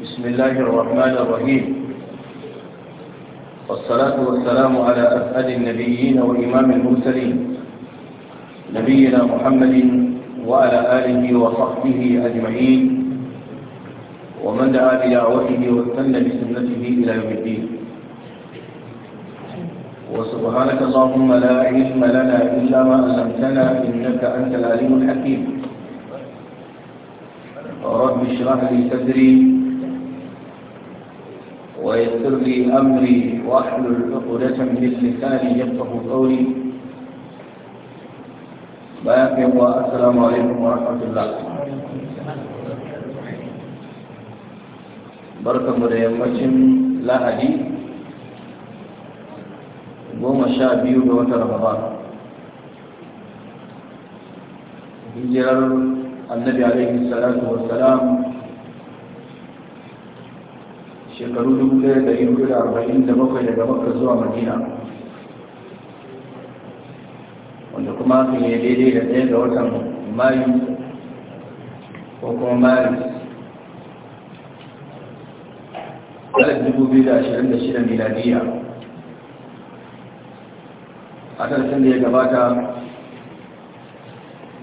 بسم الله الرحمن الرحيم والصلاة والسلام على أسعد النبيين وإمام المرسلين نبينا محمد وعلى آله وصحبه أجمعين ومن دعا بدعوته واتن بسنته إلى يوم الدين وسبحانك اللهم لا علم لنا إلا ما علمتنا إنك أنت العليم الحكيم رب اشرح لي صدري ويسر لي امري واحلل عقده من لساني يفقه قولي بارك الله السلام عليكم ورحمه الله بارك الله يا مجن لا هدي وما شاء بي وتر النبي عليه الصلاه والسلام shekaru 1447 daga makka zuwa madina wanda kuma su ne daidai da ɗaya ga watan mayu ko kuma da shida miladiya a ƙarshen da ya gabata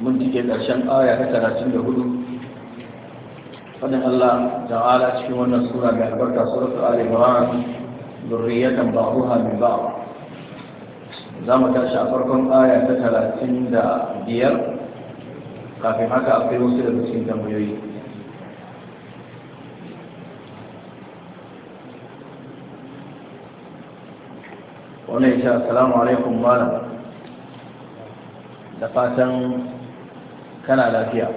mun cike ƙarshen aya ta 34 fadin Allah ta'ala cikin wannan sura da albarka suratul Ali Imran zurriyatan ba'uha min ba'd za mu tashi a farkon aya ta talatin da biyar kafin haka akwai wasu da cikin tambayoyi wannan ya ce assalamu alaikum malam da fatan kana lafiya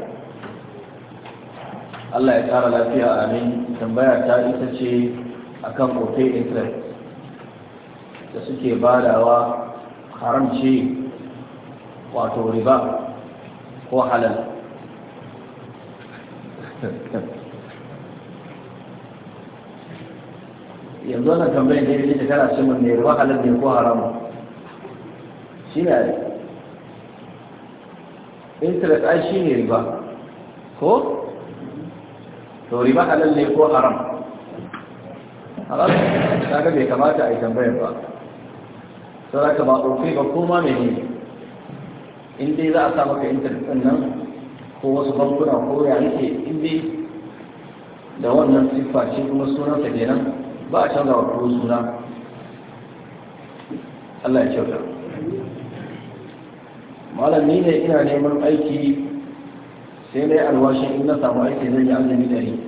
Allah ya ƙara lafiya a amin tambaya ta ita ce a kan ofe interest da suke badawa haramci wato riba ko halal yanzu wannan tambayar da yake kana ce mun ne riba halal ne ko haram shi ne interest ai shi ne riba ko to riba halal ne ko haram haram kaga bai kamata a yi tambayar ba sai ka ba ofi ba koma mai ne in za a sa maka intanet ɗin nan ko wasu bankuna ko ya nake inda da wannan siffa ce kuma ke nan, ba a canza wa kuma suna Allah ya kyauta malam ni ne ina neman aiki sai dai alwashi in na samu aiki zai yi azumi dari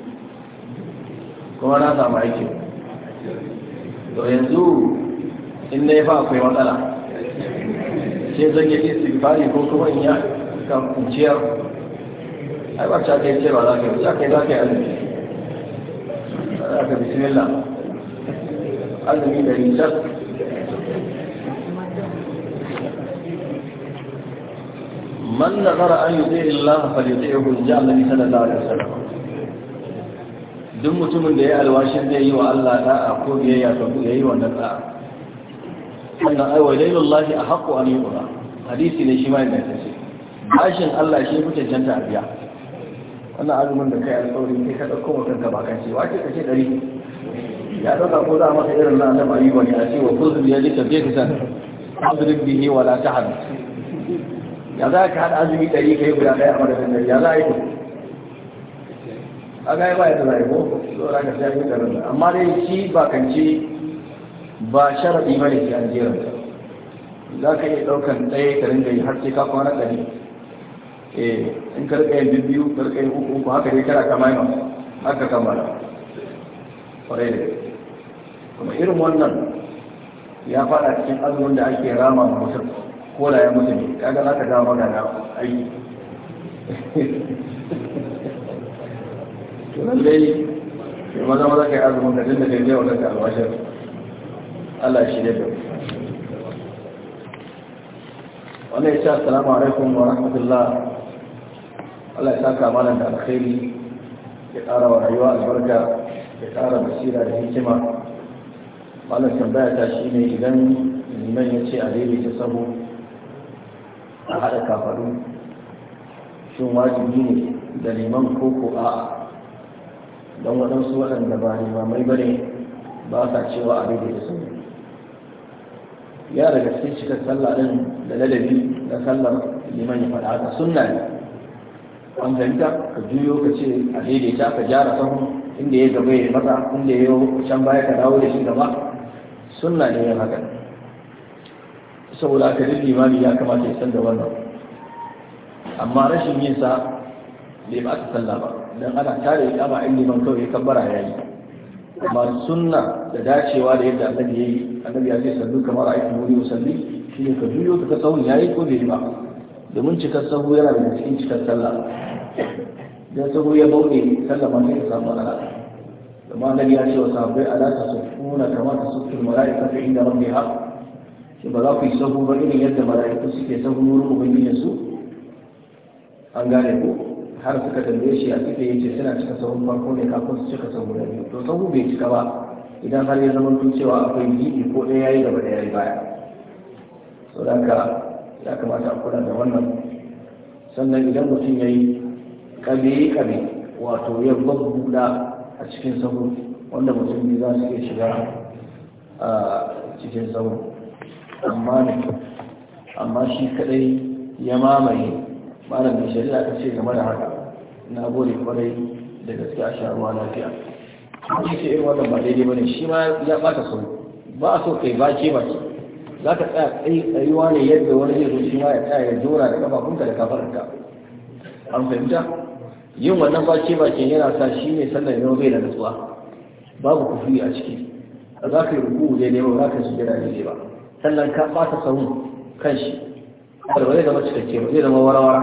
kuma na samu aiki to yanzu in na yi fa akwai matsala sai zan yi istighfari ko kuma in ya kan kuciyar ai ba ta kai cewa za ka yi za ka yi za ka yi azumi za ka bismillah azumi dari tas man nazara an yuti Allah fa yuti'hu inja Annabi sallallahu alaihi wasallam duk mutumin da ya alwashin zai yi wa Allah da'a ko biyayya ga ku yayi wannan da'a wannan ai wa lailullahi ahqqu an yuqra hadisi ne shi ma yana tace bashin Allah shi kuke janta a biya wannan azumin da kai alƙawarin kai ka dauko mutum ka bakan ce wace kace dari ya dauka ko za a maka irin ranar da wani a ce wa kullu ya wala ya za ka haɗa azumi ɗari ka yi guda ɗaya a madadin ɗari ya za a yi ku a ga ba ya ta zai ko so za ka sai ka rana amma dai shi ba kance ba sharaɗi ba ne ke an jera za ka iya ɗaukan ɗaya ka ringa yi har sai ka kwana ɗari eh in ka rika yin biyu ka rika yin uku uku haka dai kana kama yi ma. haka kamala kwarai da kuma irin wannan ya fara cikin azumin da ake rama mutum ko da ya mutu ne kaga za ka dawo magana aiki. to lallai sai maza maza yi azumin da dinda daidai wa daga albashar Allah shi ne da wannan ya ce assalamu alaikum wa rahmatullah Allah ya sa saka malam da alkhairi ya ƙara wa rayuwa albarka ya ƙara basira da hikima malam tambaya ta shi ne idan liman ya ce a daidaita sabo a haɗa kafaru shin wajibi ne da liman koko a don waɗansu waɗanda ba limamai ba ne ba sa cewa a daidai da sauri ya daga cikin cikar sallah ɗin da ladabi na sallar liman ya faɗa haka sunna ne an fahimta ka juyo ka ce a daidaita ka gyara sahun inda ya gaba ya mata inda ya yi can baya ka dawo da shi gaba sunna ne yin haka saboda aka duk limami ya kamata ya san da wannan amma rashin yin sa bai ba ta sallah ba dan ana tare da kama in liman kawai ya kabbara yayi amma sunna da dacewa da yadda annabi yi. annabi ya ce sallu kamar a aikin wuri musalli shi ne ka juyo ka tsawon yayi ko bai ba domin cikar sahu yana da cikin cikar sallah don sahu ya bauɗe sallah ma sai ka samu matsala amma annabi ya ce wa sahabbai ala ta kama mala'ika malaikatu inda rabbiha shi ba za ku yi sahu ba irin yadda mala'iku suke sahu wurin ubangijin su an gane ko har suka tambaye shi a suke yace suna cika sahun farko ne kafin su cika sahu na biyu to sahu bai cika ba idan har ya zama cewa akwai gidi ko ɗaya yayi gaba ɗaya yayi baya sau da ka ya kamata a kula da wannan sannan idan mutum ya yi ƙabe-ƙabe wato ya babbuɗa a cikin sahu wanda mutum biyu za su iya shiga a ah, cikin sahu amma amma shi kadai ya mamaye malam da shari'a ta ce game da haka na gode kwarai da gaske a sharuwa lafiya shi ce irin wannan ba daidai bane shi ma ya bata so ba a so kai ba ke ba za ka tsaya tsayi tsayuwa ne yadda wani zai zo shi ma ya tsaya ya jora da kafafunka da kafarka an fahimta yin wannan ba bace bakin yana sa shi ne sannan yau bai da nutsuwa babu kufi a ciki za ka yi ruku daidai ba za ka shi da daidai ba sannan ka ɓata sahun kan shi wanda ba zai zama cikakke ba zai zama warawara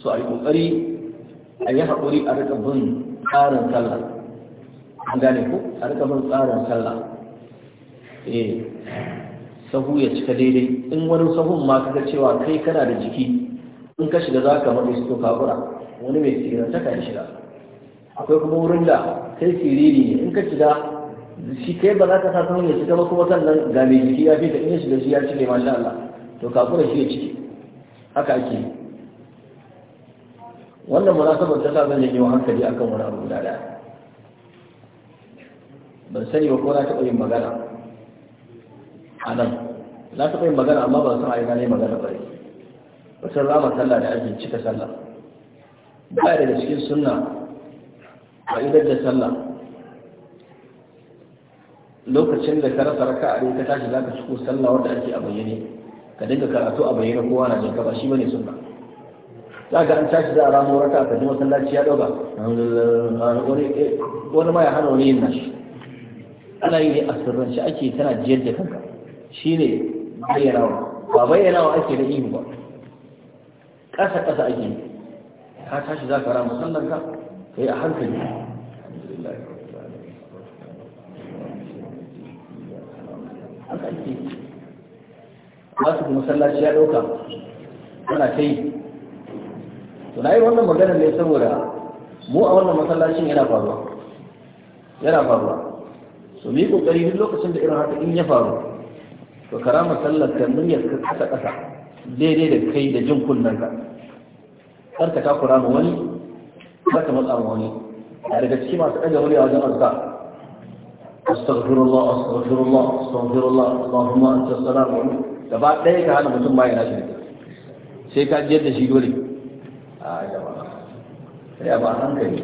Su a yi ƙoƙari a yi haƙuri a rika bin tsarin sallah an gane ku a rika bin tsarin sallah eh sahu ya cika daidai in wani sahun ma ka cewa kai kana da jiki in ka shiga za ka maɗe su to kakura wani mai tsira ta shiga akwai kuma wurin da kai tsiriri ne in ka shiga shi kai ba za ka sa samun ya shiga ba kuma sannan ga mai jiki ya fi ta in ya shiga shi ya cike masha Allah to kafura shi ya cike haka ake wannan munasabar ta sa zan yi hankali akan wani abu guda daya ban sani ba ko na taɓa yin magana a nan na taɓa yin magana amma ban san a ina ne magana ba san rama sallah da ake cika sallah ba daga cikin sunna ba idar da sallah lokacin da ka rasa raka a ka tashi za ka ciko sallah wanda ake a bayyane ka dinga karatu a bayyane kowa na jin ba shi bane sunna za ka an tashi za a ramu raka ka ji masallaci ya dauka wani ma ya hana wani yin nashi ana yi ne a shi ake tana jiyar da kanka shine bayyanawa ba bayyanawa ake da ihu ba ƙasa ƙasa ake ka tashi za ka ramu sallanka ka yi a hankali baƙaƙe za kuma sallaci ya ɗauka ana ta yi to na yi wannan maganar ne saboda mu a wannan masallacin yana faruwa yana faruwa so mi kokari ƙoƙari duk lokacin da irin haka in ya faru to karama sallar ta niyyar ka kasa kasa daidai da kai da jin kunnen ka kar ka takura ma wani karka ka matsa ma wani daga cikin masu ɗaga a wajen azkar استغفر الله استغفر الله استغفر الله اللهم انت gaba ɗaya ka hana mutum ma yana shirka sai ka jiyar da shi dole a yawa ya ba hankali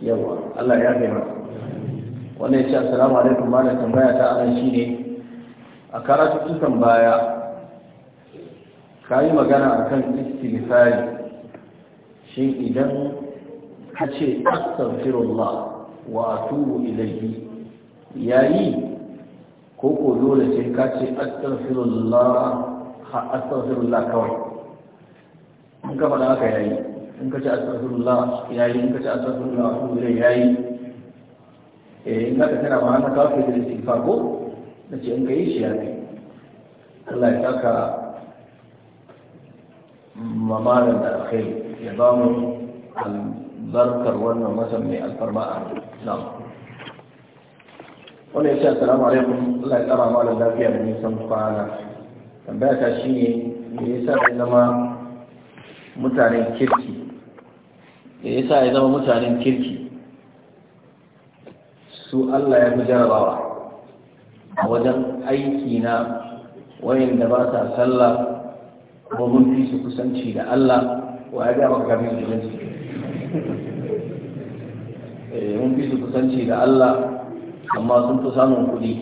yawa Allah ya kai wannan ya ce assalamu alaikum ba da tambaya ta anan shine a karatu dukan baya ka yi magana a akan istighfari shin idan ka ce astaghfirullah wa atubu ilayhi yayi ko ko dole sai ka ce astaghfirullah ha astaghfirullah kawai in ka faɗa haka yayi in ka ce astaghfirullah yayi in ka ce astaghfirullah wa tubu yayi eh in ka tana ma haka kawai da istighfar ko ce in ka yi shi ya yayi Allah ya saka mamalan da alkhairi ya ba mu albarkar wannan wasan mai alfarma a nan wannan ya ce assalamu alaikum Allah ya tsara da lafiya da nisan kwana tambaya ta shine me yasa ya zama mutanen kirki ya yi sa ya zama mutanen kirki su Allah ya fi jarabawa a wajen aiki na wayan da ba sa sallah ko mun fi su kusanci da Allah wa ya gama kamin jirinsu eh, mun fi su kusanci da Allah amma sun fi samun kuɗi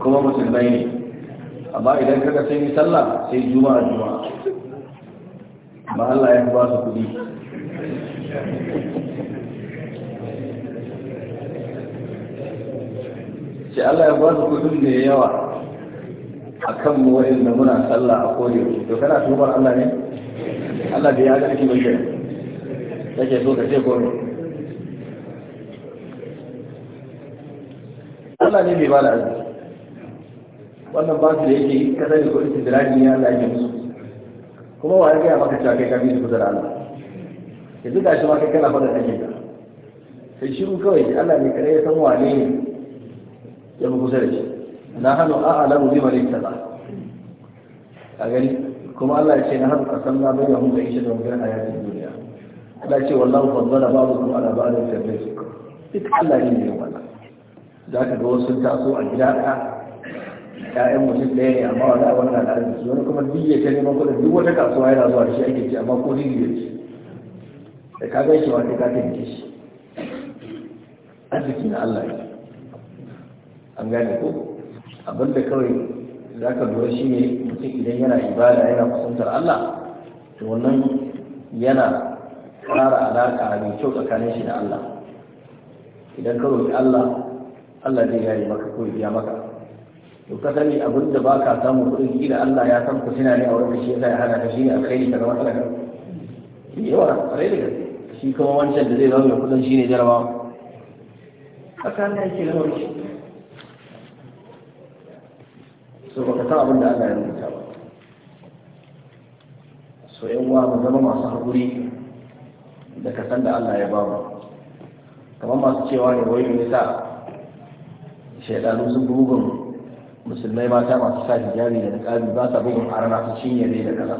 kuma musulmai ne amma idan kaga sun yi sallah sai juma'a juma'a ba Allah ya ba su kuɗi sai Allah ya ba su kuɗin da yawa a kan mu da muna sallah a kore to kana tubar Allah ne Allah bai ya ga ake bai yake so ka ce ko ne Allah ne bai bada azumi wannan ba su da yake kasar da kuɗin tidirani ne Allah yake musu kuma wa ya gaya maka cewa kai ka bi su kusa da Allah yanzu ga shi ma kai kana fara take ka sai shiru kawai Allah ne kare ya san wane ne ya fi kusa da shi na hannu a alamu bima mare ta ba a gani kuma Allah ya ce na hannu a san na bai yahun da ishe da wangar a yakin duniya Allah ya ce wallahu fadala babu kuma ala ba'adun tarbe su duk Allah ne ne wala. za ka ga wasu taso a gida ɗaya ƴaƴan mutum ɗaya ne amma wala wannan da arziki wani kuma duk ya ta neman kuɗin duk wata kasuwa yana zuwa da shi ake ci amma ko ni ne ci da ka gaishe shi sai ka taimake shi arziki na Allah ne an gane ko abinda kawai za ka lura shi ne mutum idan yana ibada yana kusantar Allah to wannan yana ƙara alaƙa mai kyau tsakanin shi da Allah idan ka roƙi Allah Allah zai yare maka ko biya maka to ka sani abin da ba ka samu kuɗin gida Allah ya san ku suna ne a wurin shi yasa ya hana ka shi ne alkhairi ka zama talaka yawa rai da shi kuma wancan da zai zama mai kuɗin shi ne jarabawa tsakanin ake zama shi san abin da Allah ya rubuta ba so yan mu zama masu haƙuri da ka san da Allah ya ba mu kamar masu cewa ne wai ne sa shaidanu sun bugun musulmai mata masu sa hijabi da niqabi ba ta bugun arana su cinye ne da kaza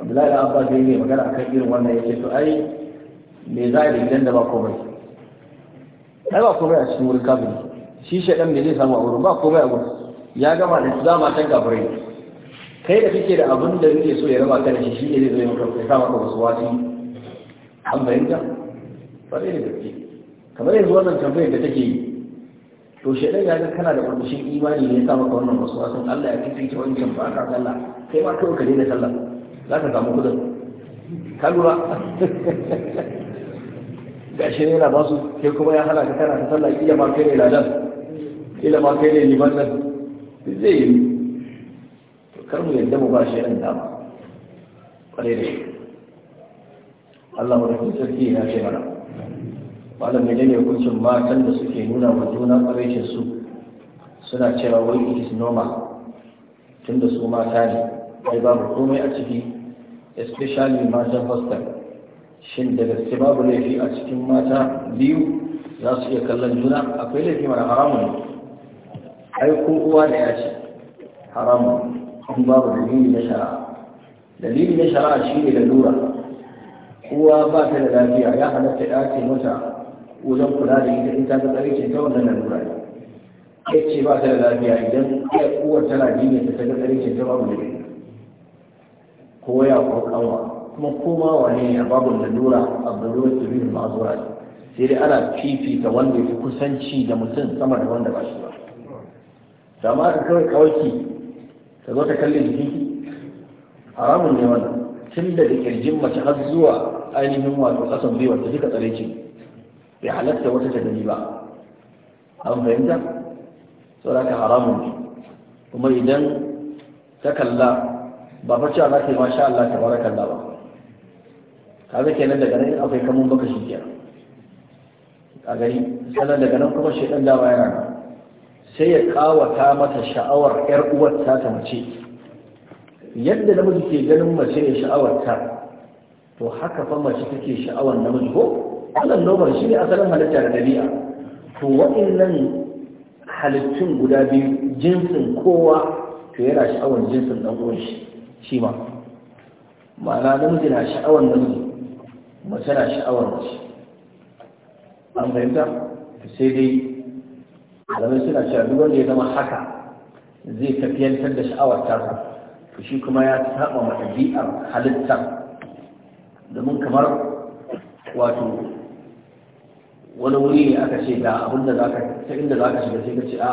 Abdullahi Abba da yake magana akan irin wannan yake to ai me za a yi idan da ba komai ai ba komai a cikin wurin kafin shi shaidan me zai samu a wurin ba komai a wurin ya gama da su zama can gabarai kai da kake da abin da kake so ya raba ka da shi ne zai maka ya sa maka wasu wasu an fahimta kwarai da gaske kamar yanzu wannan tambayar da take yi to shi ɗaya ga kana da ƙarƙashin imani ne ya sa maka wannan wasu wasu Allah ya fitince wancan ba ka sallah kai ma kawai ka daina sallah za ka samu kudin ka lura ga shi ne yana ba su kai kuma ya hana ka kana ta sallah kila ma kai ne ladan ila ma kai ne liman nan zai yi to kar mu yadda mu ba shi yan dama kwarai da shi Allah mu sarki ya ce mana malam ne ne hukuncin matan da suke nuna wa juna kwarai su suna cewa wai it is normal tunda su mata ne ai babu komai a ciki especially matan hostel shin da gaske babu laifi a cikin mata biyu za su iya kallon juna akwai laifi mana haramun ne ai ko uwa da ya ce haram kun babu dalili na shara'a dalili na shara'a shi ne lura. uwa ba ta da lafiya ya halatta ya ce mata wajen kula da ita in ta ga tsarice ta wannan lura ne ya ce ba ta da lafiya idan ya uwar tana dini ta ga tsarice ta babu dalili ko ya ko kanwa kuma koma wane ya babu lura a lalura ta biyu ma'azura sai dai ana fifita wanda ya fi kusanci da mutum sama da wanda ba shi ba da ma ka kawai kawaki ka zo ta kalle jikinki haramun ne wannan tun da kirjin mace har zuwa ainihin wato kasan gwiwa ta duka tsare ce bai halatta wata ta gani ba an fahimta saboda ka haramun ne kuma idan ta kalla ba fa cewa za ta yi masha Allah ta bara kalla ba kaga kenan daga nan akwai kamun baka shi kenan a gari sannan daga nan kuma shi shedan dama yana nan sai ya kawata mata sha'awar ‘yar uwarta ta mace yadda namiji ke ganin mace ya sha'awarta to haka fa mace take sha'awar namiji ko wannan nomar shi ne asalin halitta da dabi'a to waɗannan halittun guda biyu jinsin kowa to yana sha'awar jinsin ɗan uwan shi shi ma ma'ana namiji na sha'awar namiji mace na sha'awar mace an fahimta sai dai malamai suna cewa duk wanda ya zama haka zai tafiyantar da sha'awar tasa to shi kuma ya saba ma ɗabi'ar halitta domin kamar wato wani wuri ne aka ce ga abin da zaka ta inda zaka shiga sai ka ce a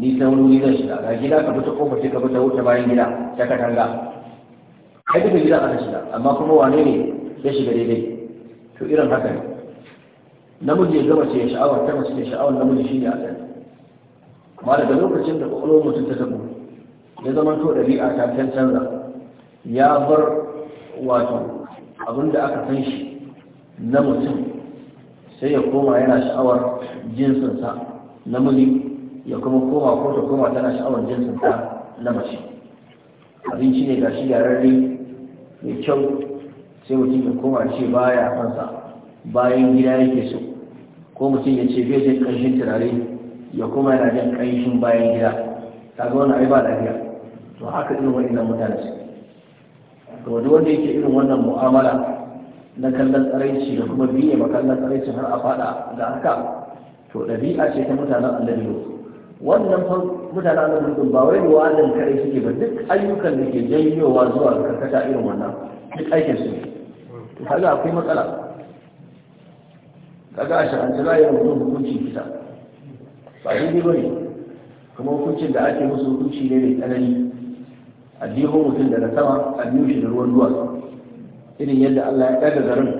ni ta wani wuri zan shiga ga gida ka fita kofar sai ka fita wuce bayan gida ta katanga kai duka gida aka shiga amma kuma wane ne ya shiga daidai to irin haka ne namiji ya gama ce sha'awar ta mace sha'awar namiji ne a amma daga lokacin da kwakwalwar mutum ta tabo ya zama to ɗabi'a ta canza ya bar wato abin da aka san shi na mutum sai ya koma yana sha'awar jinsinsa na namiji ya kuma koma ko ta koma tana sha'awar jinsinsa na mace abinci ne ga shi yararre mai kyau sai mutum ya koma ce baya kansa bayan gida yake so ko mutum ya ce bai zai ƙanshin turare ya kuma yana jin ƙanshin bayan gida ta ga wani ai ba lafiya to haka irin nan mutane su to wani wanda yake irin wannan mu'amala na kallon tsaraici da kuma biye ma kallon tsaraici har a fada da haka to ɗabi'a ce ta mutanen annabi wannan fa mutanen annabi ba wai ruwanin kare suke ba duk ayyukan da ke janyowa zuwa ga karkata irin wannan duk aikin su to kaga akwai matsala kaga a shar'anci an jira yi mutum hukunci kisa ba daidai ba ne kuma hukuncin da ake musu hukunci ne mai tsanani addihun mutum daga sama addihun shi da ruwan duwatsu irin yadda allah ya ɗaga garin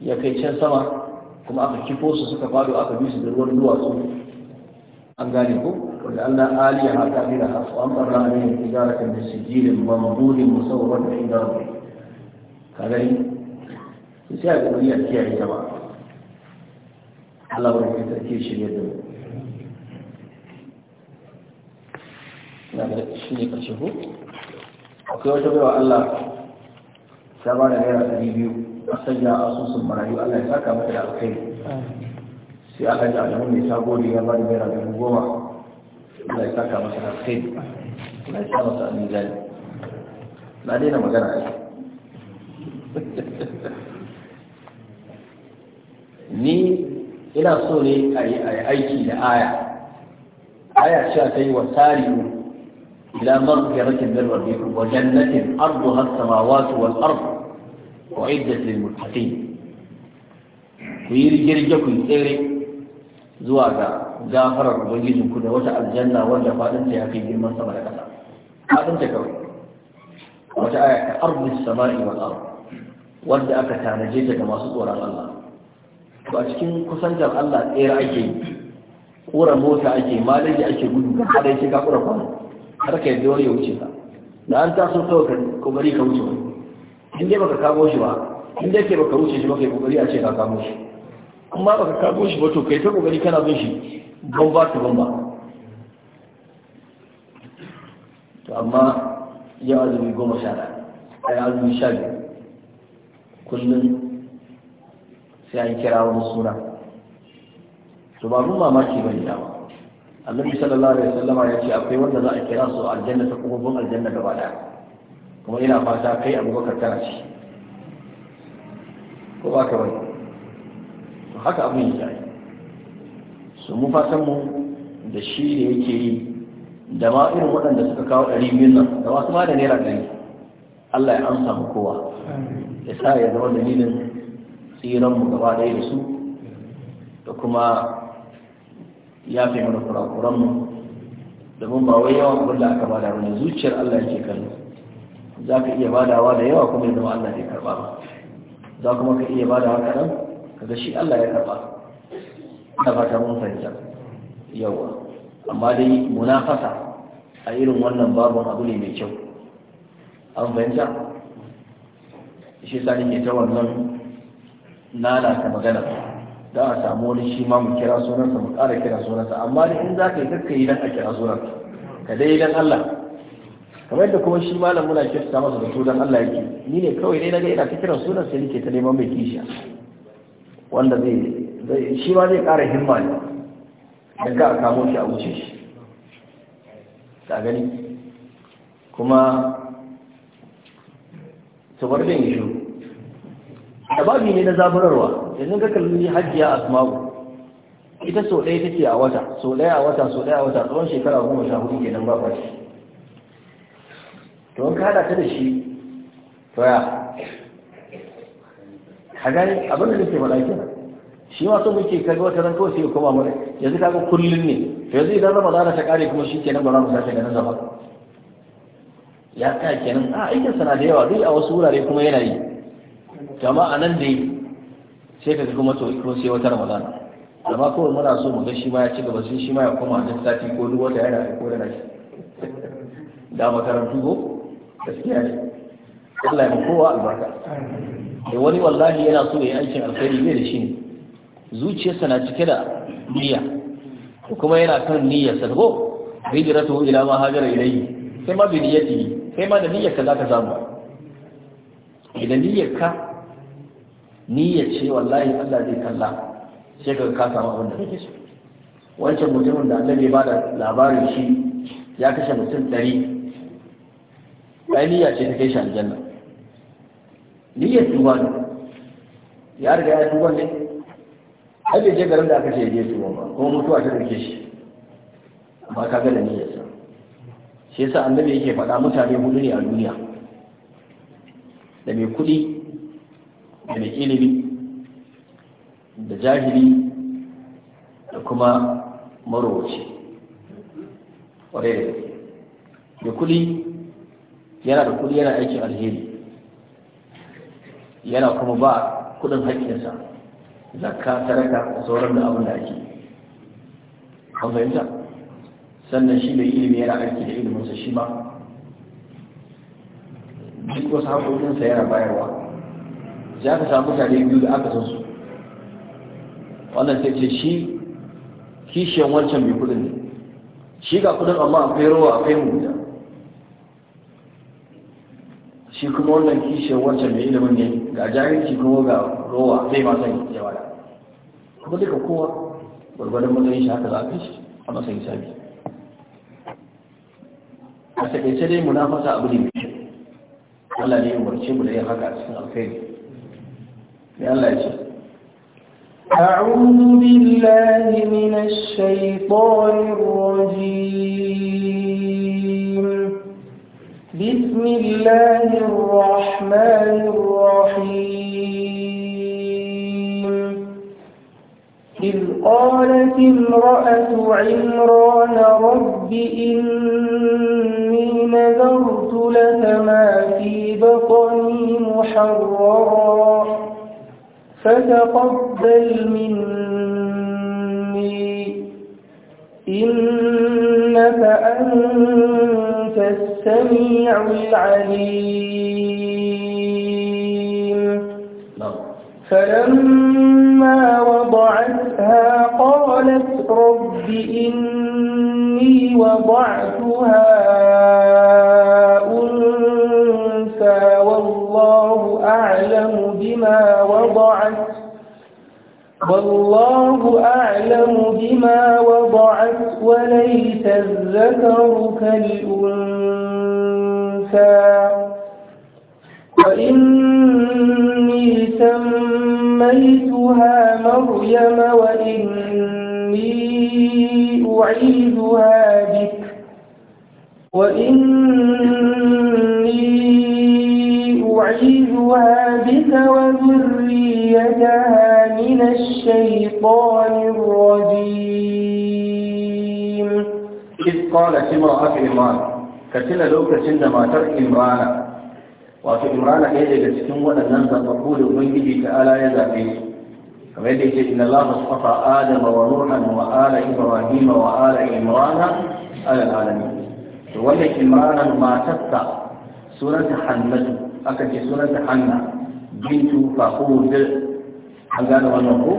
ya kai can sama kuma aka kifo su suka fado aka bi su da ruwan duwatsu an gane ko wanda allah aliya haka bi da hasu an fara alayhi tijaratan da su sijilin mamdudin musawwaran da inda rabbi ka gani sai a ga wani a kiyaye ba? Allah wani kai sarki shirya da mu ina da shi ne karshe ko akwai wata baiwa Allah ta ba da naira ɗari biyu a sanya asusun marayu Allah ya saka mata da alkhairi sai aka ji alamun mai ta gode ya ba da naira dubu goma Allah ya saka masa da alkhairi Allah ya sa masa amizali na daina magana a ni ina so ne a yi aiki da aya aya cewa ta yi wa tsari إلى مغفرة من ربكم وجنة أرضها السماوات والأرض وعدة للمتقين ويري جرجة كل سيري زواجا غافر ربيز كل وسع الجنة والجفاء انتهى في جرمان سمع لكسا هذا تكوي وتعالى أرض السماء والأرض ودع كتانا جيتا كما سطورا الله وأتكين كسنجر الله إير أجي قورا موتا أجي ما لجي أجي قدو كحالي سيكا قورا قوانا har ka yadda wani ya wuce ka da an taso kawai ka kokari ka wuce wani in dai baka kamo shi ba in dai ke baka wuce shi ba kai kokari a ce ka kamo shi amma baka kamo shi ba to kai ta kokari kana bin shi bamba ta bamba to amma ya azumi goma sha a yi azumi sha biyu kullum sai an kira wani suna to ba mun mamaki ba ne dama annabi sallallahu alaihi wasallam ya ce akwai wanda za a kira su aljanna ta kofofin aljanna gaba daya kuma ina fata kai abubakar tana ci ko ba ka bane to haka abin ya yi su mu fatan mu da shi da yake yi da ma irin waɗanda suka kawo ɗari biyu nan da wasu ma da naira ɗari Allah ya amsa mu kowa ya sa ya zama dalilin tsiran mu gaba ɗaya da su da kuma ya fi mana kurakuranmu. mu domin ba wai yawan da aka bada wani zuciyar Allah yake kallo za ka iya badawa da yawa kuma ya zama Allah ya karba ba za kuma ka iya badawa kaɗan kaga shi Allah ya karba ba fata mun fahimta yawa amma dai munafasa a irin wannan babun abu ne mai kyau an fahimta shi sa nake ta wannan nana ta magana don a samu wani shi ma mu kira sunansa mu ƙara kira sunansa amma ne in za ka yi kakka yi don a kira sunansa ka dai don Allah kamar yadda kuma shi malam muna kirta masa da don Allah yake ni ne kawai ne naga ina ta kiran sunan sai nake ta neman mai kisha. wanda zai shi ma zai ƙara himma ne don ka kamo shi a wuce shi ka gani kuma su bar da shiru da babi ne na zaburarwa yanzu ka kalli hajjiya asma'u ita so ɗaya take a wata so ɗaya a wata so ɗaya a wata tsawon shekara goma sha hudu kenan ba kwashi to ka da ta da shi to ya ka gani abin da nake faɗa kenan shi ma so muke kaga wata ran kawai sai koma mana yanzu kaga kullum ne to yanzu idan ramadana ta kare kuma shi kenan ba za mu sace ganin zama ya tsaya kenan a aikin na da yawa duk a wasu wurare kuma yana yi jama'a nan da yi sai ka kuma to ko sai wata ramadan amma kawai muna so mu ga shi ma ya ci gaba sai shi ma ya koma duk sati ko duk wata yana ko da nashi da makarantu ko gaskiya ne Allah ya kowa albarka da wani wallahi yana so ya yi aikin alkhairi ne da shi ne zuciyarsa na cike da niyya kuma yana kan niyyarsa da ko hijratu ila ma hajara ilayhi sai ma bi niyyati sai ma da niyyar ka zaka samu idan niyyar ka niyya ce wallahi Allah zai kalla sai ka kasa samu abin da kake so wancan mutumin da Allah bai ba da labarin shi ya kashe mutum ɗari ai niyya ce ta kai shi aljanna niyyar tuba ne ya riga ya tuba ne ai bai je garin da aka ce ya tuba ba kuma mutuwa ta dake shi amma ka ga da sa shi yasa annabi yake faɗa mutane hudu ne a duniya da mai kuɗi da mai ilimi da jahili da kuma marowaci ƙwarai da kuli yana da kuli yana aikin alheri yana kuma ba kudin haƙƙinsa zakka saraka sauran da abin da ake an sannan shi mai ilimi yana aiki da iliminsa shi ba duk wasu haƙoƙinsa yana bayarwa sai aka samu mutane biyu da aka san su wannan sai ce shi kishiyan wancan mai kudin ne shi ga kudin amma a a rawa mu muguda shi kuma wannan kishiyan wancan mai ilimin ne ga jahilci kuma ga rawa a, kai san yawa da kuma duka kowa gwargwadon matsayin shi haka za a kai shi a masan isabi a sakaice dai munafasa abu ne mai Allah ne ya umarce mu da yin haka a cikin alkhairi أعوذ بالله من الشيطان الرجيم بسم الله الرحمن الرحيم إذ قالت امرأة عمران رب إني نذرت لك ما في بطني محررا فتقبل مني إنك أنت السميع العليم نعم. فلما وضعتها قالت رب إني وضعتها والله أعلم بما وضعت وليس الذكر كالأنثى وإني سميتها مريم وإني أعيدها بك وإني أعيذها بك وذريتها من الشيطان الرجيم إذ قالت امرأة إمرانا كتل لوك سند ما ترك إمرانا وفي إمرانا إذا كتكم ونزلت تقول ونجدي تألا يذكي كما يجب إن الله اصطفى آدم ونوحا وآل إبراهيم وآل إمرانا على العالمين ولك إمرانا ما تبتع سورة حمد aka ce sunanta hanna bintu fakhuzir an gane wannan ko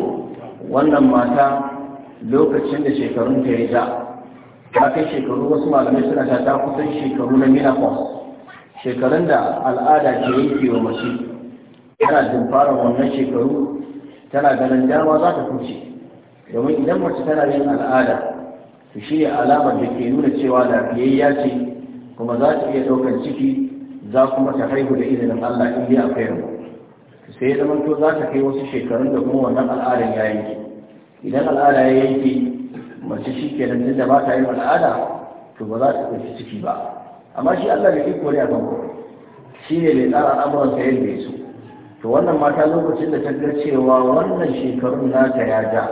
wannan mata lokacin da shekarun ta yi ja ta kai shekaru wasu malamai suna ta ta kusan shekaru na menopause shekarun da al'ada ke ke wa mace tana jin fara wannan shekaru tana ganin dama za ta kuce domin idan mace tana yin al'ada to shi ne alamar da ke nuna cewa lafiyayya ce kuma za ta iya ɗaukar ciki za kuma ta haihu da izinin Allah in dai akwai rabo sai ya zama to za ta kai wasu shekarun da kuma wannan al'adar ya yanke idan al'ada ya yanke mace shi ke nan da ba ta yin al'ada to ba za ta ɗauki ciki ba amma shi Allah da iko ne a kan shi ne mai tsara al'amuran ta yadda ya so to wannan mata lokacin da ta ga cewa wannan shekarun nata ya ja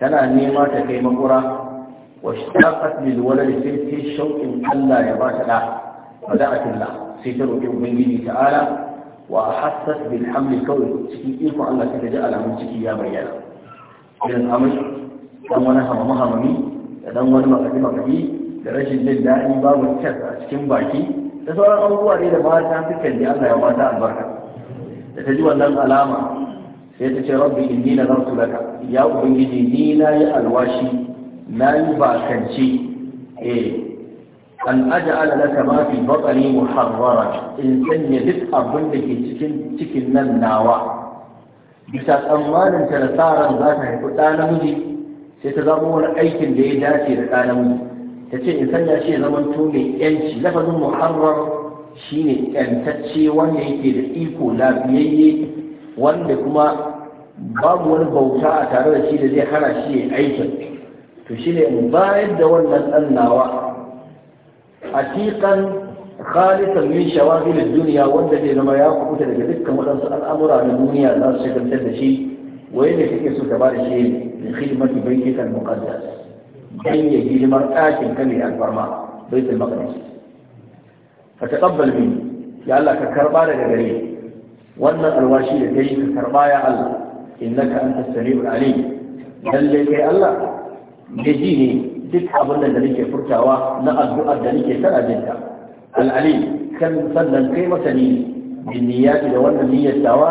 tana nema ta kai makura washtaqat da walad fi shauqin Allah ya ba ta da fada'atillah sai ta roƙi ubangiji ta'ala wa hassas bil kawai cikin ikon Allah ta ji alamun ciki ya bayyana irin amai dan wani hamama hamami da dan wani makaɗi makaɗi da rashin jin daɗi babu kyas a cikin baki da sauran abubuwa ne da mata suka ji Allah ya mata albarka da ta ji wannan alama sai ta ce rabbi inni nazartu laka ya ubangiji ni na yi alwashi na yi bakance eh an aj'ala laka ma fi batni muharrara in sanya duk abin da ke cikin cikin nan nawa bisa tsammanin ta nasarar za ta haifi ɗa namiji sai ta zama wani aikin da ya dace da ɗa namiji ta ce in sanya shi ya zama to mai yanci lafazin muharrar shine yantacce wanda yake da iko lafiyayye wanda kuma babu wani bauta a tare da shi da zai hana shi ya aikin to shi ne bayar da wannan ɗan nawa atiqan khalisan min shawagil duniya wanda zai zama ya kubuta daga dukkan waɗansu al'amura na duniya za su shagaltar da shi waye da kake so ka ba da shi da khidmati baitikal muqaddas dan ya hidimar ɗakin ka mai alfarma baitul maqdis fa taqabbal min ya Allah ka karba daga gare wannan alwashi da kai ka karba ya Allah innaka antas samiul alim lalle kai Allah da ji ne duk abin da nake furtawa na addu'ar da nake tana jinta al'alim kan sannan kai masani bin niyyati da wannan niyyar tawa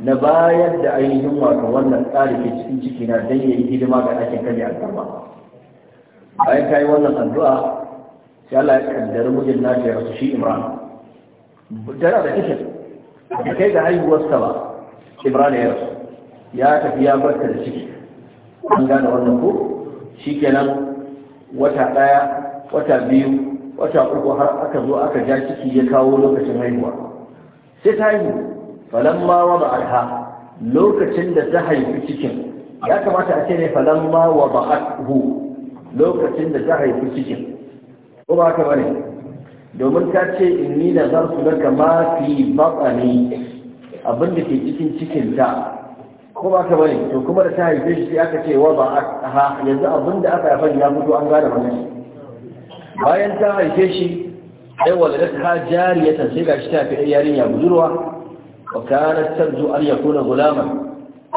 na bayar da ainihin wato wannan tsari ke cikin ciki na dan yayi hidima ga ɗakin kare al'umma bayan kai wannan addu'a sai Allah ya kaddara mijin na ya shi Imran dara da kishin da kai da haihuwarsa ba Imran ya rasu ya tafi ya barka da ciki an gane wannan ko shikenan wata ɗaya wata biyu wata uku har aka zo aka ja ciki ya kawo lokacin haihuwa sai ta yi falamma wa ba'atha lokacin da ta haifi cikin ya kamata a ce ne falamma wa lokacin da ta haifi cikin ko ba ka bane domin ta ce inni da zarsu ma fi batsani abin ke cikin cikin ta ko ba ka bane to kuma da ta haife shi aka ce wa ba ha yanzu abin da aka haifa ya mutu an gane mana bayan ta haife shi ai waladat ha jariyatan sai gashi ta fi yarinya budurwa wa kanat tabzu an yakuna gulaman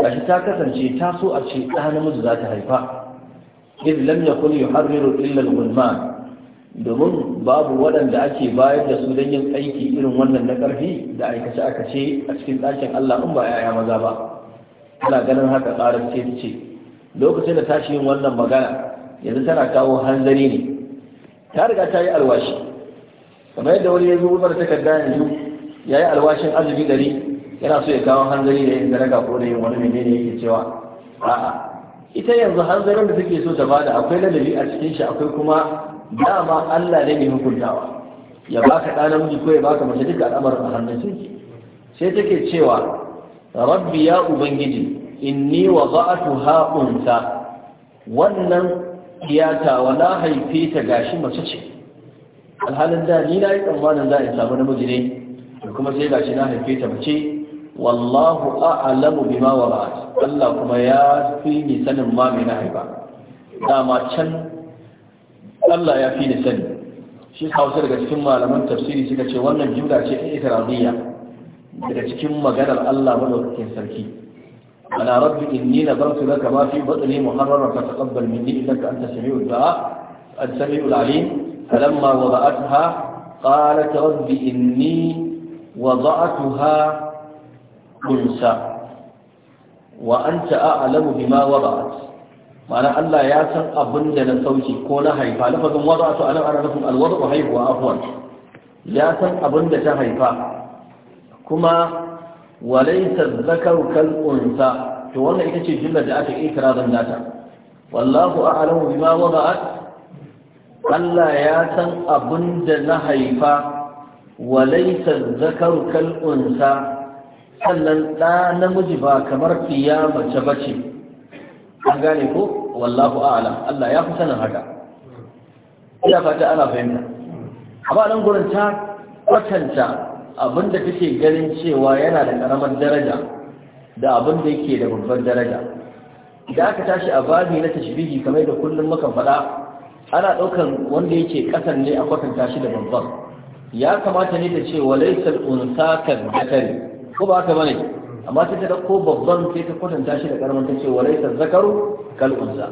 gashi ta kasance ta so a ce ɗa namiji za ta haifa إذ لم يكن يحرر إلا الغلمان domin babu waɗanda ake bayar da su don yin aiki irin wannan na ƙarfi da aikace-aikace a cikin ɗakin Allah in ba yaya maza ba tana ganin haka ƙarar ce ce lokacin da tashi yin wannan magana yanzu tana kawo hanzari ne ta riga ta yi alwashi kamar yadda wani ya zo ta takarda yanzu ya yi alwashin azumi gari yana so ya kawo hanzari da yin zara ko da yin wani menene yake cewa a'a ita yanzu hanzarin da take so ta bada akwai ladabi a cikin shi akwai kuma dama Allah ne mai hukuntawa ya baka ɗa namiji ko ya baka mace duka al'amarin a hannun sai take cewa rabbi ya ubangiji inni wa za'atu ha'unta wannan iyata wa na haife ta gashi mace ce alhalin da ni na yi tsammanin za a samu namiji ne da kuma sai gashi na haife ta mace wallahu a'lamu bima wara'at Allah kuma ya fi ni sanin ma mai na haifa dama can Allah ya fi ni sani shi hausa daga cikin malaman tafsiri suka ce wannan jumla ce ta ikrariya daga cikin maganar Allah madaukakin sarki ana rabbi inni nazartu laka ma fi batni muharrara fa taqabbal minni innaka anta samiul du'a as-samiul alim falamma wada'atha qalat rabbi inni wada'atuha unsa wa anta a'lamu bima wada'at ma'ana Allah ya san abin da na sauki ko na haifa lafazin wada'atu ana ana nufin alwada'u haihuwa afwan ya san abin da ta haifa kuma walaisa zakaru kal to wannan ita ce jumlar da aka ikirazan data wallahu a'lamu bima wada'at Allah ya san abin da na haifa walaisa zakaru kal sannan da namiji ba kamar fiya mace bace an gane ko wallahu a'lam Allah ya fi sanin haka ina fata ana fahimta amma nan gurin ta kwatanta abinda kake ganin cewa yana da karamar daraja da abinda yake da babbar daraja idan aka tashi a babi na tashbihi kamar da kullum muka faɗa ana ɗaukar wanda yake kasan ne a kwatanta shi da babban ya kamata ne ta ce wa unsa kan zakari ko ba haka bane amma sai ta ko babban sai ta kwatanta shi da karamar ta ce wa zakaru kal unsa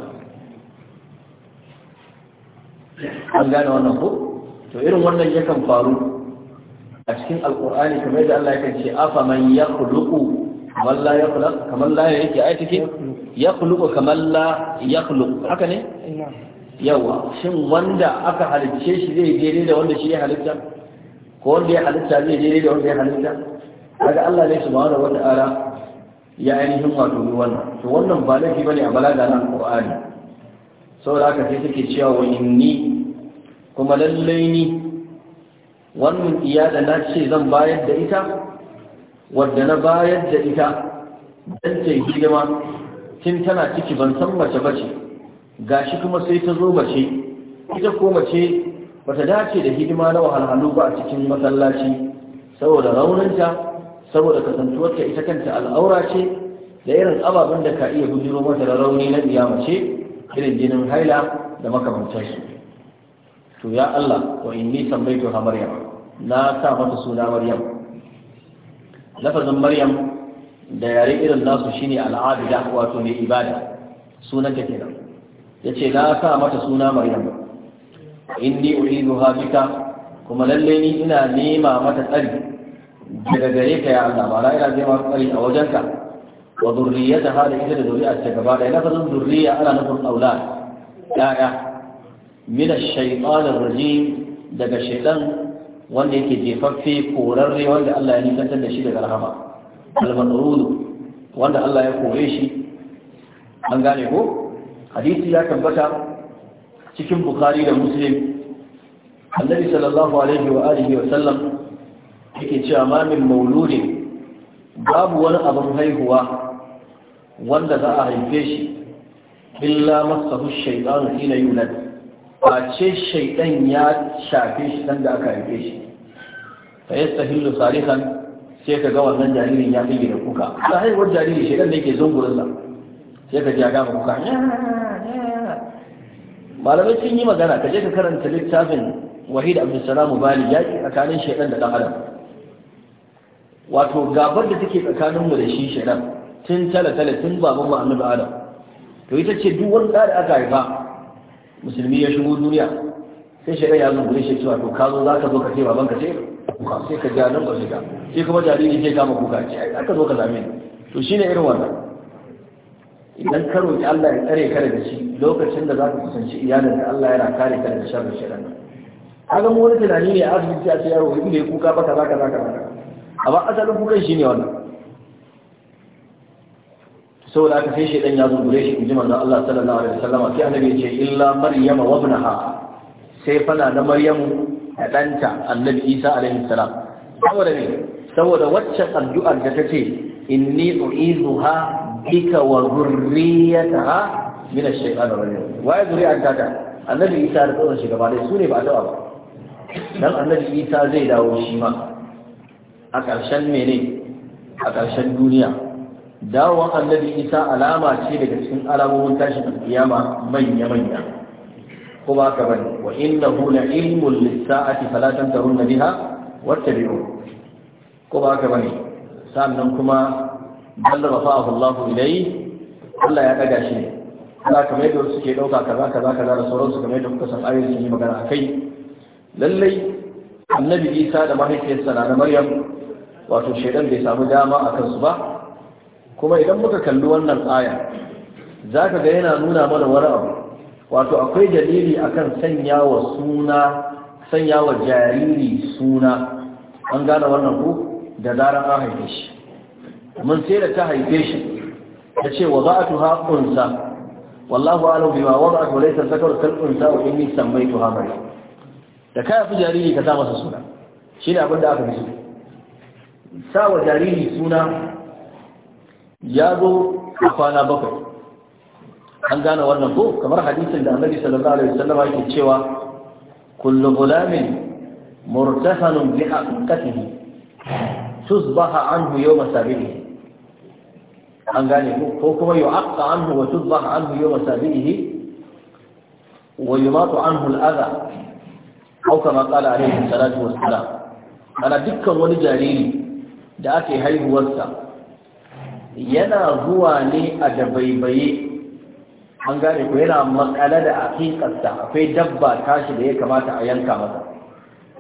an gane wannan ko to irin wannan yakan faru a cikin alkur'ani kamar yadda Allah ya ce afa man yakhluqu kamar la yakhluq kamar la yake ayati ke yakhluqu kamar la yakhluq haka ne yawa shin wanda aka halicce shi zai daidai da wanda shi ya halitta ko wanda ya halitta zai daidai da wanda ya halitta kaga Allah ne subhanahu wata'ala ya ainihin wato ni wannan to wannan ba laifi bane a balaga nan alkur'ani saboda haka sai take cewa wa inni kuma lallai ni wannan iyada na ce zan bayar da ita wadda na bayar da ita don ta yi hidima tun tana ciki ban san mace bace gashi kuma sai ta zo mace ita ko mace bata dace da hidima na wahalhalu ba a cikin masallaci saboda rauninta saboda kasantuwarta ita kanta al'aura ce da irin ababen da ka iya bujiro mata da rauni na iya mace irin jinin haila da makamantarsu to ya Allah wa inni sambaitu ha maryam na sa mata suna maryam lafazin maryam da yare irin nasu shine al'abida wato mai ibada sunan ta kenan yace na sa mata suna maryam inni uriduha bika kuma lalle ni ina nema mata tsari daga gare ka ya Allah ba la ina nema tsari a wajenka wa zurriyataha da ita da zuri'arta gaba da lafazin zurriya ana nufin aulad ya'ya min ash-shaytanir rajim daga shaytan wanda yake jefaffe korarre wanda Allah ya nisantar da shi daga rahama al-madrud wanda Allah ya kore shi an gane ko hadisi ya tabbata cikin bukhari da muslim annabi sallallahu alaihi wa alihi wa sallam yake cewa ma min mauludin babu wani abin haihuwa wanda za a haife shi illa masahu shaytanu hina yulad face shaidan ya shafe shi dan da aka haife shi fa yastahillu salihan sai ka ga wannan jaririn ya fige da kuka ta haihuwar jariri shaidan da yake zungurin sa sai ka ji ya gama kuka malamai sun yi magana ka je ka karanta littafin wahid abdulsalam bali ya tsakanin shaidan da dan adam wato gabar da take tsakanin mu da shi shaidan tun tala tala tun baban mu annabi adam to ita ce duk wani da aka haifa musulmi ya shigo duniya sai shi ya zo gure shi cewa to ka zo zaka zo ka ce baban ka ce kuka sai ka ja nan ba shiga sai kuma jariri ke kama kuka ce ai aka zo ka zame ni to shine irin wannan idan ka roki Allah ya tsare ka daga shi lokacin da zaka kusanci iyalin da Allah yana kare ka daga sharrin nan kaga mu wani tunani ne a asibiti a ce yaro in bai kuka ba ka kaza kaza amma asalin kukan shine wannan saboda aka sai shaidan ya zungure shi inji manzon Allah sallallahu alaihi wasallam sai annabi ce illa maryama wa ibnaha sai fana na maryamu da danta annabi Isa alaihi salam saboda me saboda waccan addu'ar da tace inni u'izuha bika wa dhurriyyataha min ash-shaytan ar-rajim wa zuriyata ta annabi Isa da tsawon shi gaba dai sune ba a taɓa ba dan annabi Isa zai dawo shi ma a ƙarshen mene a ƙarshen duniya dawon annabi isa alama ce daga cikin alamomin tashin kiyama manya manya ko ba ka bane wa innahu la ilmun lis-sa'ati fala tantarunna biha wattabi'u ko ba ka bane sannan kuma balla rafahu Allah ilai Allah ya daga shi Allah kamar yadda suke dauka kaza kaza kaza da sauransu kamar yadda kuka san ayoyin sun yi magana akai lallai annabi Isa da mahaifiyarsa na Maryam wato shaidan bai samu dama a kansu ba kuma idan muka kalli wannan aya za ka ga yana nuna mana wani abu wato akwai dalili akan sanya wa suna sanya wa jariri suna an gane wannan ku da zarar an haife shi mun sai da ta haife shi ta ce wa a ha unsa wallahu alam bima wada'atu laysa zakaru kal unsa wa inni sammaytuha maryam da kai fi jariri ka sa masa suna Shi shine abin da aka fi so sa wa jariri suna ya zo a kwana bakwai an gane wannan ko kamar hadisin da annabi sallallahu alaihi wasallam yake cewa kullu gulamin murtahanun bi haqqatihi tuzbaha anhu yawma sabihi an gane ko kuma yu'aqqa anhu wa tuzbaha anhu yawma sabihi wa yumatu anhu al-adha aw kama qala alaihi salatu wassalam ana dukkan wani jariri da ake haihuwarsa yana zuwa ne a dabaibaye an gane ko yana matsala da aƙiƙarsa akwai dabba tashi da ya kamata a yanka masa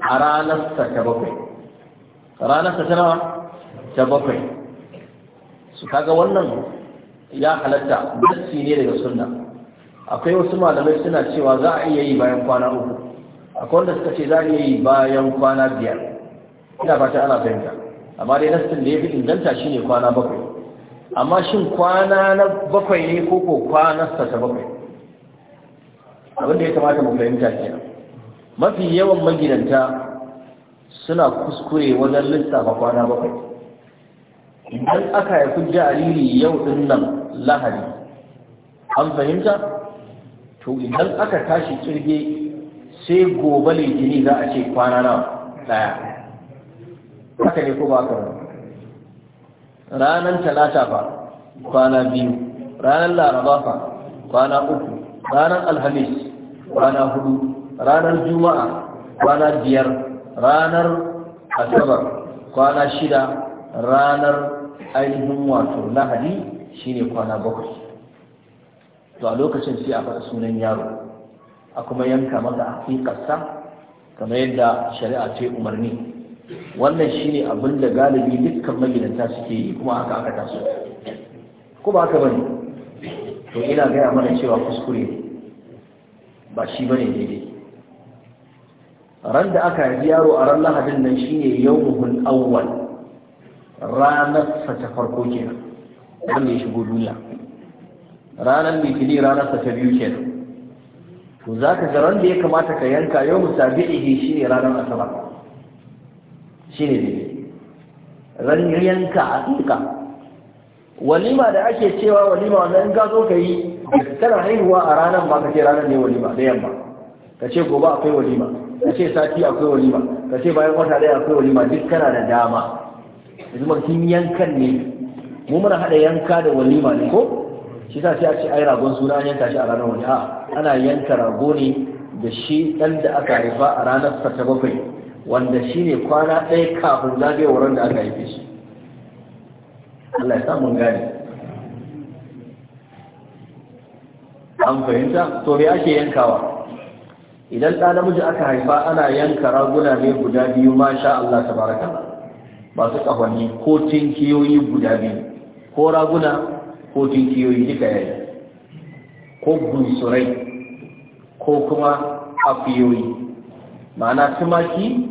a ranarsa ta bakwai ranarsa ta nawa ta bakwai su kaga wannan ya halatta nassi ne daga sunna akwai wasu malamai suna cewa za a iya yi bayan kwana uku akwai wanda suka ce za a iya yi bayan kwana biyar ina fata ana fahimta amma dai nassin da ya fi inganta shine kwana bakwai amma shin kwana na bakwai ne ko ko sa ta bakwai abinda ya kamata mu fahimta ke mafi yawan magidanta suna kuskure wajen lissafa kwana bakwai idan aka haifi jariri yau din nan lahadi an fahimta to idan aka tashi kirge sai gobe litini za a ce kwana na daya haka ne ko ba ka ranar talata fa kwana biyu ranar laraba fa kwana uku ranar alhamis kwana hudu ranar juma'a kwana biyar ranar asabar kwana shida ranar ainihin wato lahadi shine kwana bakwai to a lokacin sai a faɗa sunan yaro a kuma yanka maka kasa, kamar yadda shari'a ce umarni wannan shine abin da galibi dukkan magidanta suke yi kuma aka aka taso ko ba aka bane to ina gaya mana cewa kuskure ba shi bane daidai ran da aka yi yaro a ran lahadin nan shine yawmul awwal ranar sa ta farko kenan wanda ya shigo duniya ranar litini ranar sa ta biyu kenan to ka ga ran da ya kamata ka yanka yau yawmul shi ne ranar asabar shine ne a hakika walima da ake cewa walima wannan ka zo ka yi tana haihuwa a ranar ba ka ce ranar ne walima da yamma ka ce gobe akwai walima ka ce sati akwai walima ka ce bayan wata ɗaya akwai walima duk kana da dama yanzu ba kin yankan ne mu muna haɗa yanka da walima ne ko shi sa sai a ce ai ragon suna an yanka shi a ranar wani a ana yanka rago ne da shi ɗan da aka haifa a ranar sa ta bakwai wanda shine kwana ɗaya kafin zagayewar da aka haife shi Allah ya samun gane an fahimta to ya ake yankawa idan ɗa namiji aka haifa ana yanka raguna ne guda biyu ma sha Allah tabaraka masu ƙahonni ko tinkiyoyi guda biyu ko raguna ko tinkiyoyi duka yi ko bunsurai ko kuma afiyoyi ma'ana tumaki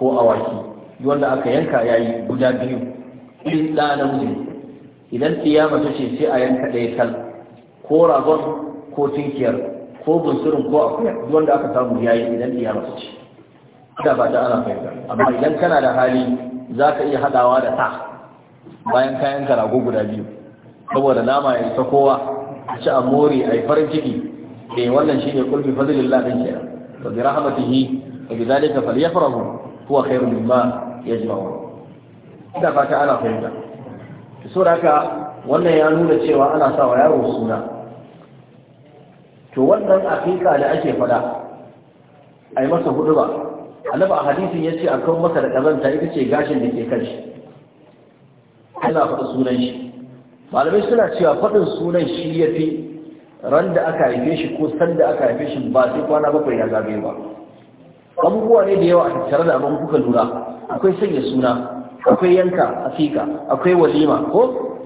ko awaki wanda aka yanka ya yi guda biyu in ɗa namiji idan tiyama ta ce sai a yanka ɗaya kal ko ragon ko tinkiyar ko bunsurin ko akuya wanda aka samu ya yi idan tiyama ta ce da ba da ana fahimta amma idan kana da hali za ka iya haɗawa da ta bayan kayan ka rago guda biyu saboda nama ya isa kowa a ci a more a yi farin ciki da eh, wannan shi ne kulfi fadilin ladin kenan to bi rahmatihi wa bi zalika falyafrahu huwa khairu mimma yajma'u ina fata ana fahimta to saboda haka wannan ya nuna cewa ana sa wa yaro suna to wannan aqiqa da ake fada ai masa ba annabi a hadisin yace akan masa da kazanta ita ce gashin da ke kan shi ana sunan shi malamai suna cewa faɗin sunan shi yafi ran da aka haife shi ko san da aka haife shi ba sai kwana bakwai ya zabe ba abubuwa ne da yawa a tattare da abin kuka lura akwai sanya suna akwai yanka afika akwai walima ko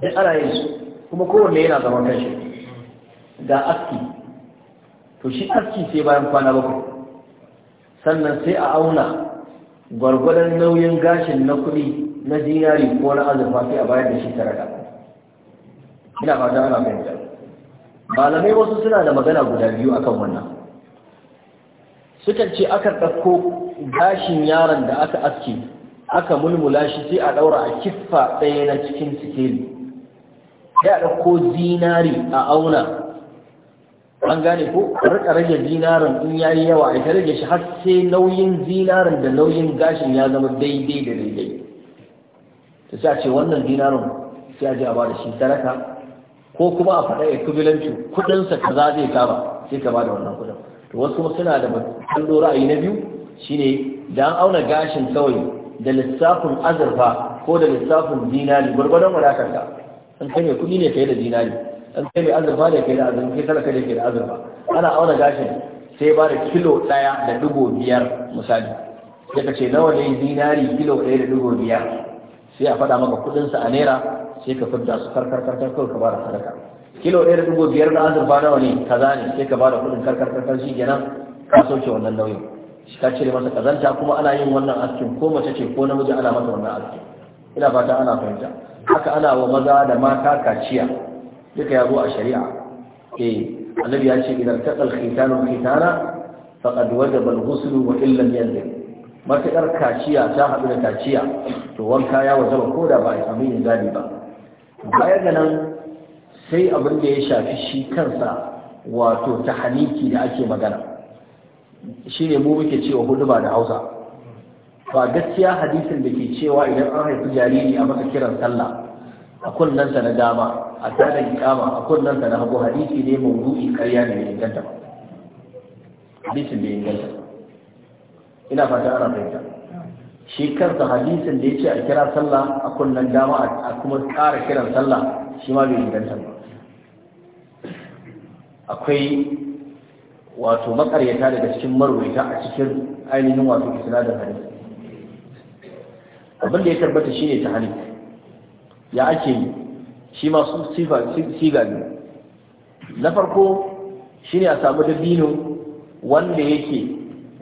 da ana yin kuma kowanne yana zama kashi ga aski to shi aski sai bayan kwana bakwai sannan sai a auna gwargwadon nauyin gashin na kuɗi na dinari ko na azurfa sai a bayar da shi sadaka ina fata ana fahimta malamai wasu suna da magana guda biyu akan wannan sukan ce aka ɗauko gashin yaron da aka aske aka mulmula shi sai a ɗaura a kiffa ɗaya na cikin sikeli sai a ɗauko zinari a auna an gane ko rika rage zinarin in yayi yawa a rage shi har sai nauyin zinarin da nauyin gashin ya zama daidai da daidai Ta sa ce wannan zinarin sai a ji a bada shi sadaka ko kuma a faɗa ya kudinsa kuɗinsa kaza zai kama sai ka ba da wannan kudin to wasu suna da kallo ra'ayi na biyu shine da an auna gashin kawai da lissafin azurfa ko da lissafin dinari gwargwadon wadatar ka an kai mai kudi ne kai da dinari an kai mai azurfa ne kai da azurfa kai talaka ne kai da azurfa ana auna gashin sai ba da kilo daya da dubu biyar misali daga ce nawa ne dinari kilo daya da dubu biyar sai a faɗa maka kuɗinsa a naira sai ka fidda su karkar karkar kawai ka ba da sadaka kilo ɗaya da dubu biyar na azurfa nawa ne kaza ne sai ka bada kuɗin karkar karkar shi kenan ka sauke wannan nauyin shi ka cire masa kazanta kuma ana yin wannan askin ko mace ce ko namiji ana masa wannan askin ina fata ana fahimta haka ana wa maza da mata kaciya duka ya zo a shari'a eh annabi ya ce idan taqal khitanu khitana faqad wajaba al-ghusl wa illa yanzu. matakar kaciya ta haɗu da kaciya to wanka ya wajaba ko da ba a samu yin zabi ba bayan ganin. sai abin da ya shafi shi kansa wato ta haniki da ake magana shi ne mu muke cewa huduma da hausa ba gaskiya hadisin da ke cewa idan an haifi jariri a masa kiran sallah a kunnensa na dama a tsarin kama a kunnensa na hagu hadisi ne mawdu'i karya ne mai inganta hadisin da inganta ina fata ana fahimta shi kansa hadisin da ya ce a kira sallah a kunnen dama a kuma ƙara kiran sallah shi ma bai inganta ba akwai wato makaryata daga cikin marwaita a cikin ainihin wato isnadin hadisi abin da ya tabbata shine hannu. ya ake shi ma siga ne na farko shine a samu dabino wanda yake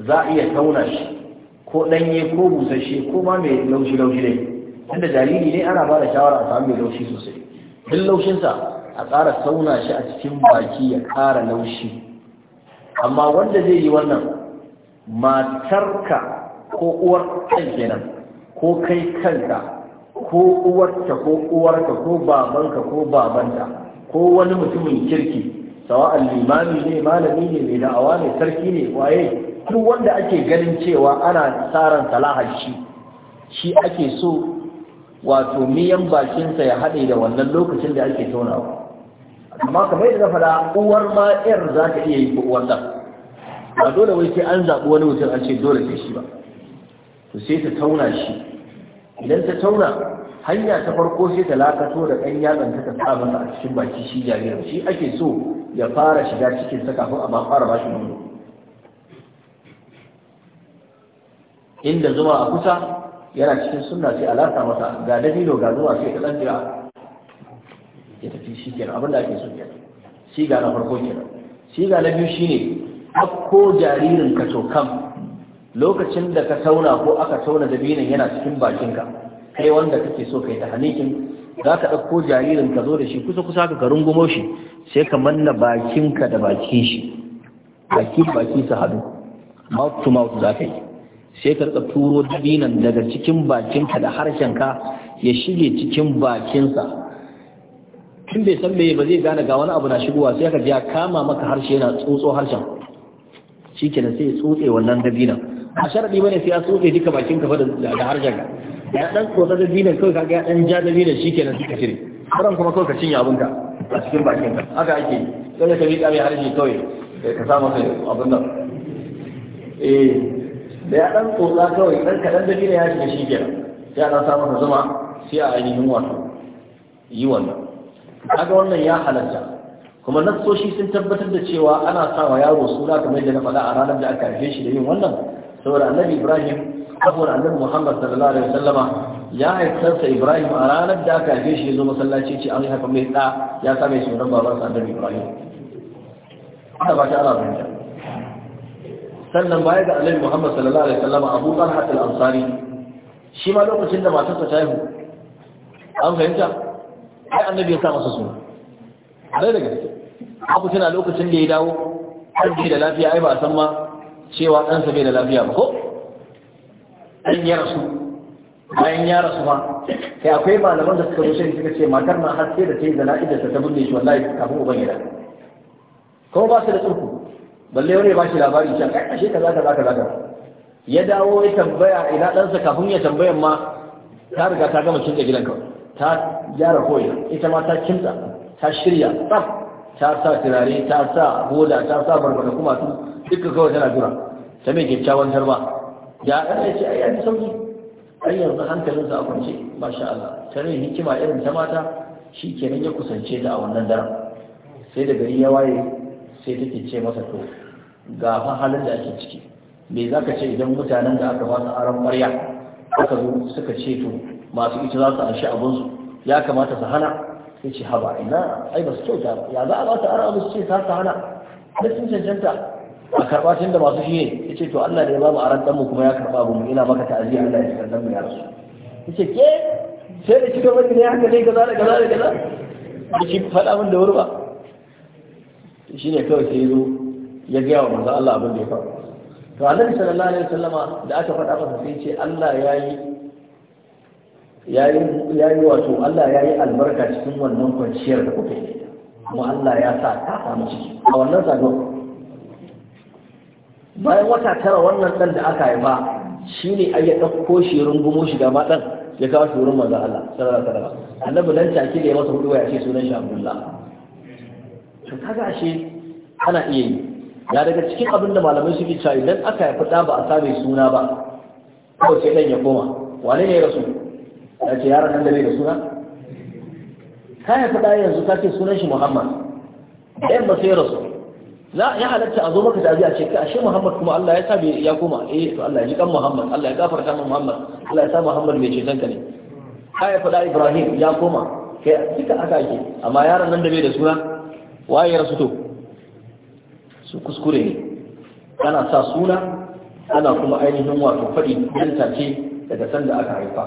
za a iya tauna shi ko danye ko busasshe ko ma mai laushi laushi dai tunda jariri ne ana ba da shawara a samu mai laushi sosai duk laushinsa a ƙara sauna shi a cikin baki ya ƙara laushi amma wanda zai yi wannan matarka ko uwar kan kenan ko kai kanka ko uwarta ko ka ko babanka ko babanta ko wani mutumin kirki sawa'an limami ne malami ne mai da'awa ne sarki ne waye duk wanda ake ganin cewa ana tsaron salahar shi shi ake so wato miyan bakinsa ya haɗe da wannan lokacin da ake tonawa amma kamar yadda zafa faɗa uwar ma yar za ka iya yi ko uwar ɗan ba dole wai sai an zaɓi wani mutum an ce dole ta shi ba to sai ta tauna shi idan ta tauna hanya ta farko sai ta lakato da ɗan yatsan ta sa masa a cikin baki shi jaririn shi ake so ya fara shiga cikin sa kafin a ba fara ba shi nono inda zuma a kusa yana cikin sunna sai lasa masa ga dabino ga zuwa sai ta dan ya tafi shi kenan abinda ake so kenan shi ga na farko kenan shi ga na biyu shine akko jaririn ka to kam lokacin da ka tauna ko aka tauna dabinon yana cikin bakinka kai wanda kake so kai ta hanikin za ka ɗauko jaririn ka zo da shi kusa kusa ka gumo shi sai ka manna bakinka da bakin shi bakin baki su haɗu. mouth to mouth za ka yi sai ka rika turo dabinan daga cikin bakinka da harshenka ya shige cikin bakinsa tun bai san meye ba zai gane ga wani abu na shigowa sai ka ji ya kama maka harshe yana tsotso harshen da sai ya tsotse wannan dabinan a sharaɗi bane sai ya tsotse duka bakinka ba da harshen ka ya ɗan tsotsa dabinan kawai ka ga ɗan ja dabinan shikenan suka cire sauran kuma kawai ka cinye abinka a cikin bakinka haka ake sai ka yi mai harshe kawai ka sa abin nan eh. da ya dan tsotsa kawai dan kaɗan da gina ya shiga shi biyar sai ana ɗan samun zuma sai a ainihin wato yi wannan kaga wannan ya halatta kuma nassoshi sun tabbatar da cewa ana sa wa yaro suna kamar yadda na faɗa a ranar da aka haife shi da yin wannan saboda annabi Ibrahim kafin annabi Muhammad sallallahu alaihi wasallama ya haifarsa Ibrahim a ranar da aka haife shi ya zo masallaci ce an haka mai ɗa ya sa mai sunan babansa annabi Ibrahim ana ba shi ana fahimta sannan baya ga alaihi muhammad sallallahu alaihi wasallam abu talha al-ansari shi ma lokacin da matarsa ta haihu an fahimta Sai annabi ya sa masa suna dai daga abu tana lokacin da ya dawo an da lafiya ai ba a san ma cewa ɗansa bai da lafiya ba ko an ya rasu bayan ya rasu ma sai akwai malaman da suka rushe shi suka ce matar na har sai da ta yi da ta ta shi wallahi kafin uban gida kuma ba su da tsurku balle wani ba shi labari can kai ashe kaza kaza kaza kaza ya dawo ya tambaya ina ɗansa kafin ya tambayan ma ta riga ta gama kinta gidan ka. ta gyara koyi ita ma ta kinta ta shirya tsaf ta sa turare ta sa hoda ta sa barbada kuma su duka kawai tana jira ta mai kyakkyawan tarba ya ɗan ya ce ai yanzu sauki ai yanzu hankalinsa a kwance masha Allah ta rai hikima irin ta mata shi kenan ya kusance ta a wannan daren sai da gari ya waye sai take ce masa to ga fa halin da ake ciki me za ka ce idan mutanen da aka su aron ƙwarya aka zo suka ce to masu ita za su anshi abinsu ya kamata su hana sai ce haba ina ai ba su kyauta ba ya za a ba su aron abu su ce za su hana duk sun cancanta a karɓa tun da masu shi ne ya ce to Allah da ya ba mu aron ɗanmu kuma ya karɓa mu ina maka ta'aziyya Allah ya karɓa mu ya rasu ya ce ke sai da cikin wani ne haka dai gaza da gaza da gaza da faɗa min da wuri ba shi ne kawai sai ya zo ya gaya wa manzo Allah abin da ya faru to annabi sallallahu alaihi wasallama da aka faɗa masa sai ce Allah yayi yayi yayi wato Allah yayi albarka cikin wannan kwanciyar da kuka yi kuma Allah ya sa ta samu ciki a wannan sako bayan wata tara wannan dan da aka haifa shine ai ya dauko shi rungumo shi gaba dan ya kawo shi wurin manzo Allah sallallahu alaihi wasallam annabi nan take da ya masa hudu ya ce sunan shi Abdullah to kaga ashe ana iya yi Ya daga cikin abin da malamai suke cewa idan aka yi ɗa ba a same suna ba kawai sai ɗan ya koma wane ne ya rasu ya ce yaron nan da bai da suna ka haifi ɗa yanzu ka ce sunan shi muhammad ɗayan ba sai rasu za ya halatta a zo maka da a ce ka ashe muhammad kuma allah ya sa ya koma eh to allah ya ji kan muhammad allah ya gafarta min muhammad allah ya sa muhammad mai ceton ka ne ka haifi ɗa ibrahim ya koma kai duka aka ake amma yaron nan da bai da suna waye ya rasu to su kuskure ne ana sa suna ana kuma ainihin wato faɗi yan tace daga sanda aka haifa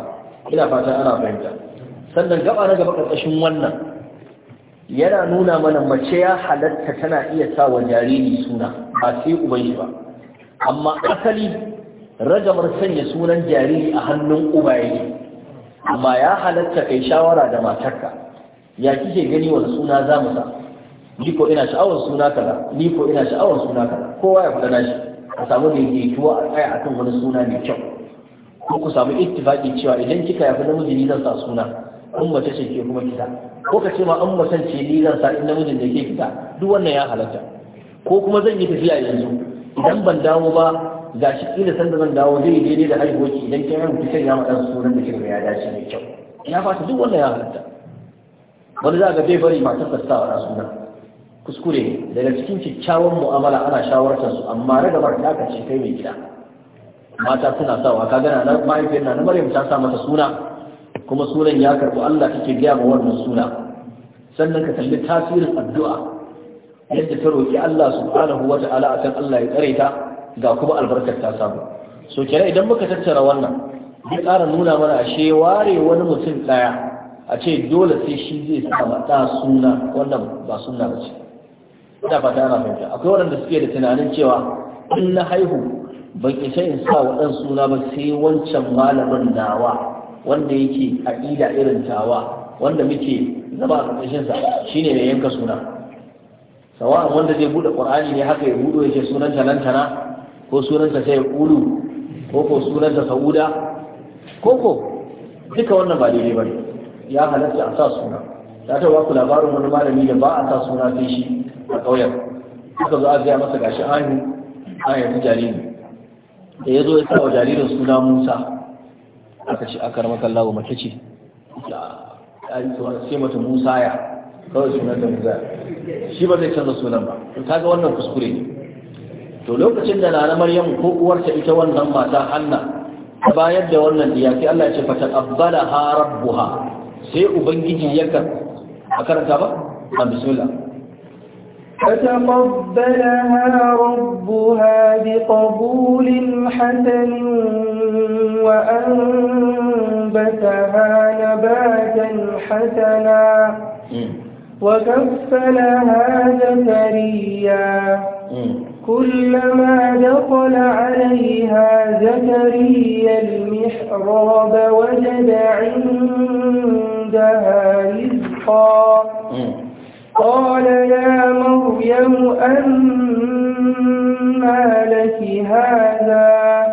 ina fata ana fahimta sannan gaba na gaba ƙarƙashin wannan yana nuna mana mace ya halatta tana iya sa wa jariri suna ba sai uban ba amma asali ragamar sanya sunan jariri a hannun uba yake amma ya halatta kai shawara da matarka ya kike gani wani suna za mu sa ni ko ina sha'awar suna kaza ni ina sha'awar suna kaza kowa ya faɗa nashi a samu da yake tuwa a tsaya akan wani suna mai kyau ko ku samu ittifaqi cewa idan kika yafi namiji ni zan sa suna in mace ce ke kuma kita ko ka ce ma an macen ce ni zan sa in namijin da ke kita duk wannan ya halatta ko kuma zan yi tafiya yanzu idan ban dawo ba ga shi kila sanda zan dawo zai daidai da haihuwarki idan kin rubuta kan ya dan sunan da kika ya dace mai kyau ya fata duk wannan ya halatta wani za ga bai bari matar ta sa wa sunan kuskure daga cikin kyakkyawan mu'amala ana shawartar su amma daga bar da aka ce kai mai gida mata suna sawa ka gana na mahaifiyar na na maryam ta sa mata suna kuma sunan ya karɓi Allah take gaya ma wannan suna sannan ka kalli tasirin addu'a yadda ta roki Allah subhanahu wa ta'ala akan Allah ya tsare ta ga kuma albarkar ta samu so kira idan muka tattara wannan zai ƙara nuna mana ashe ware wani mutum ɗaya a ce dole sai shi zai sa mata suna wannan ba suna ba ce ina fata ana fahimta akwai waɗanda suke da tunanin cewa in na haihu ban isa in sa waɗan suna ba sai wancan malamin nawa wanda yake aƙida irin tawa wanda muke zama a ƙarƙashin shine mai yanka suna sawa'an wanda zai buɗe ƙur'ani ne haka ya buɗe yake sunan talantana ko sunansa sai ya ƙulu ko ko ta sa'uda ko ko duka wannan ba daidai ba ne ya halatta a sa suna ta taɓa ku labarin wani malami da ba a sa suna sai shi a ƙauyen suka zo a gaya masa gashi ahu an yanzu jariri da ya zo ya sa wa jaririn suna musa aka ce aka ramar kallawa mace ce sai mata musa ya kawai sunan da musa shi ba zai canza sunan ba ta ga wannan kuskure ne to lokacin da nana maryam ko uwarta ita wannan mata hanna ta bayar da wannan diya sai Allah ya ce fa abbala ha rabbuha sai ubangiji ya ka karanta ba a bismillah فتقبلها ربها بقبول حسن وأنبتها نباتا حسنا وكفلها زكريا كلما دخل عليها زكريا المحراب وجد عندها رزقا قال يا لو أن لك هذا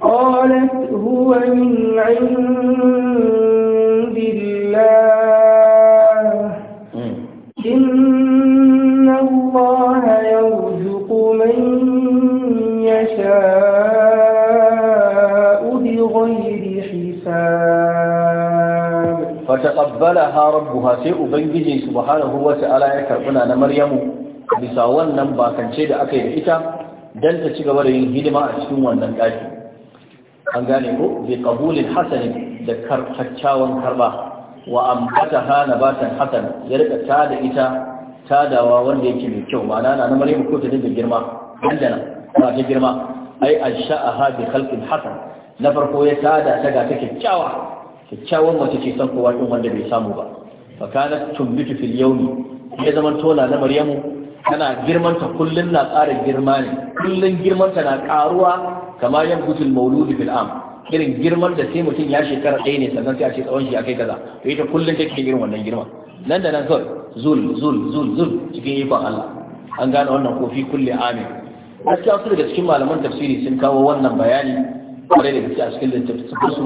قالت هو من عند الله إن الله يرزق من يشاء بغير حساب فتقبلها ربها سيء بنجي سبحانه وتعالى يكرمنا مريم bisa wannan bakance da aka yi da ita dan ta ci gaba da yin hidima a cikin wannan ɗaki an gane ko bi qabulin hasani da karkaccawan karba wa hana batan hasan ya rika ta da ita tadawa wanda yake mai kyau ma'ana na na maryamu ko ta girma dandana ba ta girma ai ansha'aha bi khalqin hasan na farko ya tada ta ga ta kyakkyawa kyakkyawan mace ce san kowa din wanda bai samu ba fa kanat tumbitu fil yawmi ya zaman tona na maryamu tana girmanta kullum na ƙara girma ne kullum girmanta na ƙaruwa kamar yan gudun mauludi am irin girman da sai mutum ya shekara ɗaya ne sannan sai a ce tsawon shi akai kaza to ita kullum take irin wannan girma nan da nan kawai zul zul zul zul cikin ikon Allah an gane wannan kofi kulle amin gaskiya su daga cikin malaman tafsiri sun kawo wannan bayani kwarai da gaske a cikin littattafan su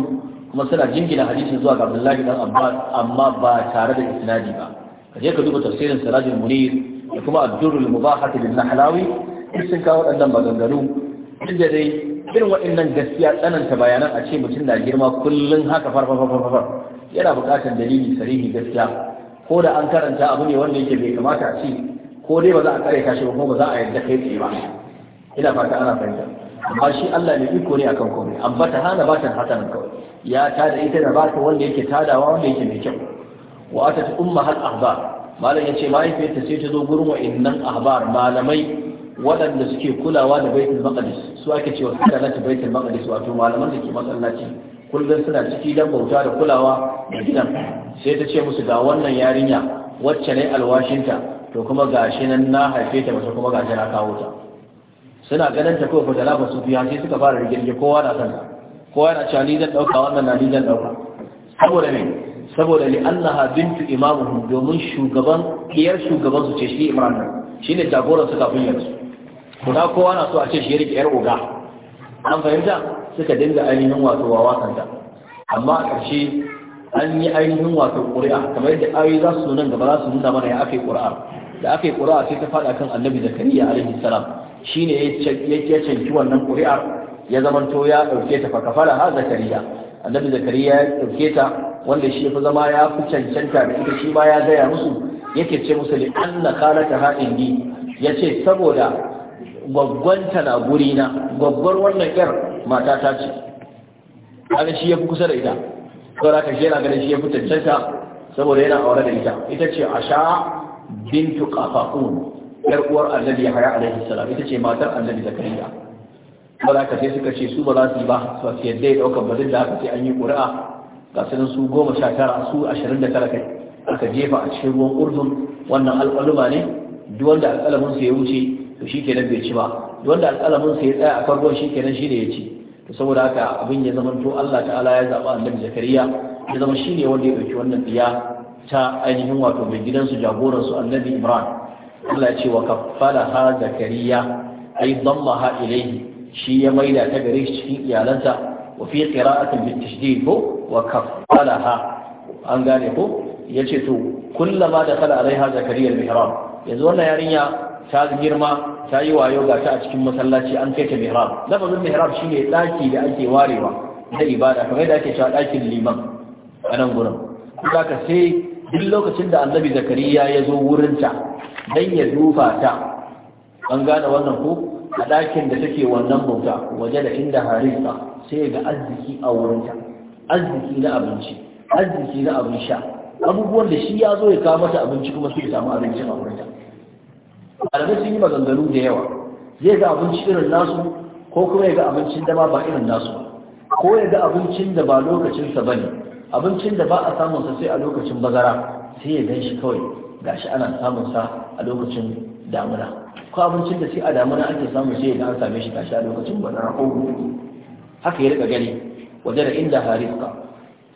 kuma suna jingina hadisin zuwa ga Abdullahi dan Abbas amma ba tare da isnadi ba je ka duba tafsirin Sirajul Munir da kuma abdurul mubahatu bin nahlawi duk sun kawo ɗanɗan maganganu Inda dai irin waɗannan gaskiya tsananta bayanan a ce mutum na girma kullum haka farfar yana buƙatar dalili sarihi gaskiya ko da an karanta abu ne wanda yake bai kamata a ce ko dai ba za a kare kashi ba ko ba za a yarda kai tsaye ba ina fata ana fahimta amma shi Allah ne iko ne akan komai amma ta hana batan hasanan kawai ya tada ita da bata wanda yake tadawa wanda yake mai kyau wa atat ummahat ahbar malam ya ce mahaifiyarta sai ta zo gurin a ahbar malamai waɗanda suke kulawa da baitul maqdis su ake cewa suka ta baitul maqdis wato malaman da ke masallaci kullum suna ciki dan bauta da kulawa da gidan sai ta ce musu ga wannan yarinya wacce ne alwashinta to kuma gashi nan na haife ta mace kuma gashi na kawo ta suna ganin ta kawai da lafa su biya sai suka fara rigirge kowa na san kowa na cewa ni zan dauka wannan na ni zan dauka saboda ne saboda li annaha bintu imamuhum domin shugaban kiyar shugaban su ce shi imran nan shine jagoran su kafin ya kuma kowa na so a ce shi ya rike yar uga an fahimta suka dinga ainihin wato wawa kanta amma a ƙarshe an yi ainihin wato ƙuri'a kamar yadda ayoyi za su nan gaba za su nuna mana ya aka yi ƙuri'a da aka yi ƙuri'a sai ta faɗa kan annabi zakariya alaihi salam shine ya canki wannan ƙuri'ar ya zamanto ya ɗauke ta fa kafara ha zakariya annabi zakariya ya ɗauke ta wanda shi fi zama ya fi cancanta da ita shi ba ya gaya musu yake ce musu kala ta haɗin ha Ya ce saboda ta na guri na gwaggwar wannan yar mata ta ce ana shi ya fi kusa da ita saboda ka shi yana ganin shi ya fi cancanta saboda yana aure da ita ita ce a sha bintu kafa'un yar uwar annabi haya alaihi salam ita ce matar annabi zakariya saboda ka sai suka ce su ba za su yi ba su yadda ya ɗaukar ba da haka sai an yi ƙuri'a ga su goma sha tara su ashirin da tara kai aka jefa a cikin ruwan urdun wannan alƙaluma ne duk wanda alƙalaminsa ya wuce to shi kenan bai ci ba duk wanda su ya tsaya a farkon shi kenan shi ne ya ci to saboda haka abin ya zama to Allah ta'ala ya zaba annabi zakariya ya zama shi ne wanda ya ɗauki wannan ɗiya ta ainihin wato mai jagoran su annabi imran Allah ya ce wa kaffalaha zakariya ai dammaha ilayhi shi ya maida ta gare shi cikin iyalansa وفي قراءة بالتشديد هو وكفلها أنقاله يجت كلما دخل عليها زكريا المهراب يزولنا يارينيا تاز جرما تاي وايو غا تا cikin masallaci an kai ta mihrab lafazin mihrab shine daki da ake warewa da ibada kamar da ake cewa dakin liman a nan gurin zaka sai duk lokacin da annabi zakariya ya zo wurinta dan ya duba ta an gane wannan ko a ɗakin da take wannan bauta waje da inda harisa sai ga arziki a wurinta arziki na abinci arziki na abin sha abubuwan da shi ya zo ya kawo mata abinci kuma sai samu abinci a wurinta sun yi maganganu da yawa zai ga abinci irin nasu ko kuma ya ga abincin da ba irin nasu ko ya ga abincin da ba lokacinsa ba ne abincin da ba a samunsa sai a lokacin bazara sai ya gan shi kawai gashi ana samunsa a lokacin damuna ko abincin da sai a damuna ake samu sai da an same shi kashi a lokacin ba na haka ya rika gani waje da inda harifka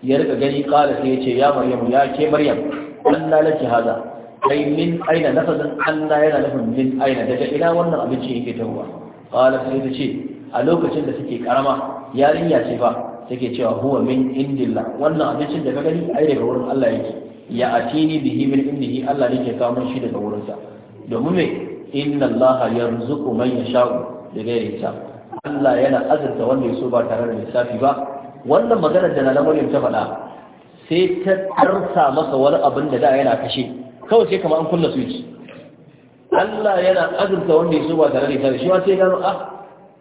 ya rika gani kala sai ya ce ya maryam ya ke maryam Allah laki haza kai min aina lafazin Allah yana nufin min aina daga ina wannan abincin yake tawa kala sai ta ce a lokacin da suke karama yarinya ce fa take cewa huwa min indillah wannan abincin da ka gani ai daga wurin Allah yake ya atini bihi min indihi Allah yake ke kawo shi daga wurinsa domin me inna Allah yarzuqu man yasha'u da gairi ta Allah yana azurta wanda ya so ba tare da lissafi ba wannan magana da na Maryam ta faɗa sai ta tarsa masa wani abin da da yana kashe kawai sai kamar an kunna switch Allah yana azurta wanda ya so ba tare da lissafi shi ma sai gano ah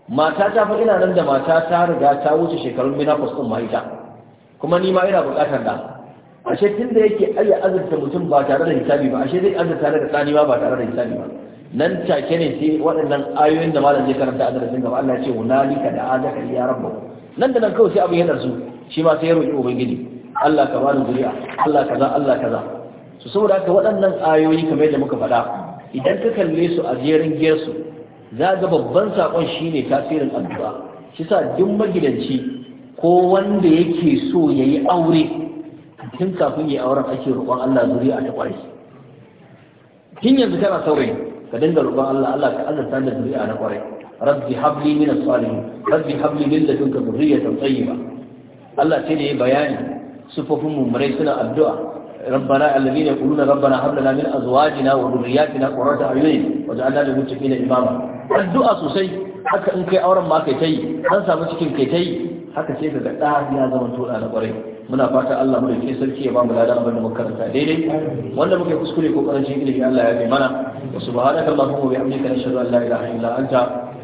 mata ta fa ina nan da mata ta riga ta wuce shekarun menopause din mahaifa kuma ni ma ina buƙatar da ashe tun da yake ayya azurta mutum ba tare da hisabi ba ashe zai azurta da tsani ba ba tare da hisabi ba nan take ne sai waɗannan ayoyin da malam zai karanta a darasin gaba Allah ya ce hunalika da azaka ya rabbu nan da nan kawai sai abin ya darsu shi ma sai ya roki ubangiji Allah ka bani zuriya Allah kaza Allah kaza su saboda haka waɗannan ayoyi kamar yadda muka faɗa idan ka kalle su a jerin gersu za ga babban sakon shine tasirin addu'a shi sa duk magidanci ko wanda yake so yayi aure tun kafin ya auren ake roƙon Allah zuri'a ta ƙwarai tun yanzu kana saurayi ka dinga roƙon Allah Allah ka azurta da zuri'a na ƙwarai rabbi habli min as-salihin rabbi habli min ladunka dhurriyatan tayyiba Allah sai da ya bayani sufofin mummurai suna addu'a ربنا الذين يقولون ربنا هب لنا من ازواجنا وذرياتنا قرة اعين واجعلنا للمتقين اماما الدعاء sosai haka in kai auren ma kai tai an samu cikin kai tai haka sai daga ɗa ya zama toɗa na ƙwarai muna fata Allah mu ke sarki ya ba mu ladan abin da muka karanta daidai wanda muke kuskure ko karancin ilimi Allah ya kai mana wa subhanaka allahumma wa bihamdika nashhadu an la ilaha illa anta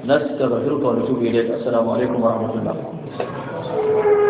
nastaghfiruka wa natubu ilayk assalamu alaikum wa rahmatullah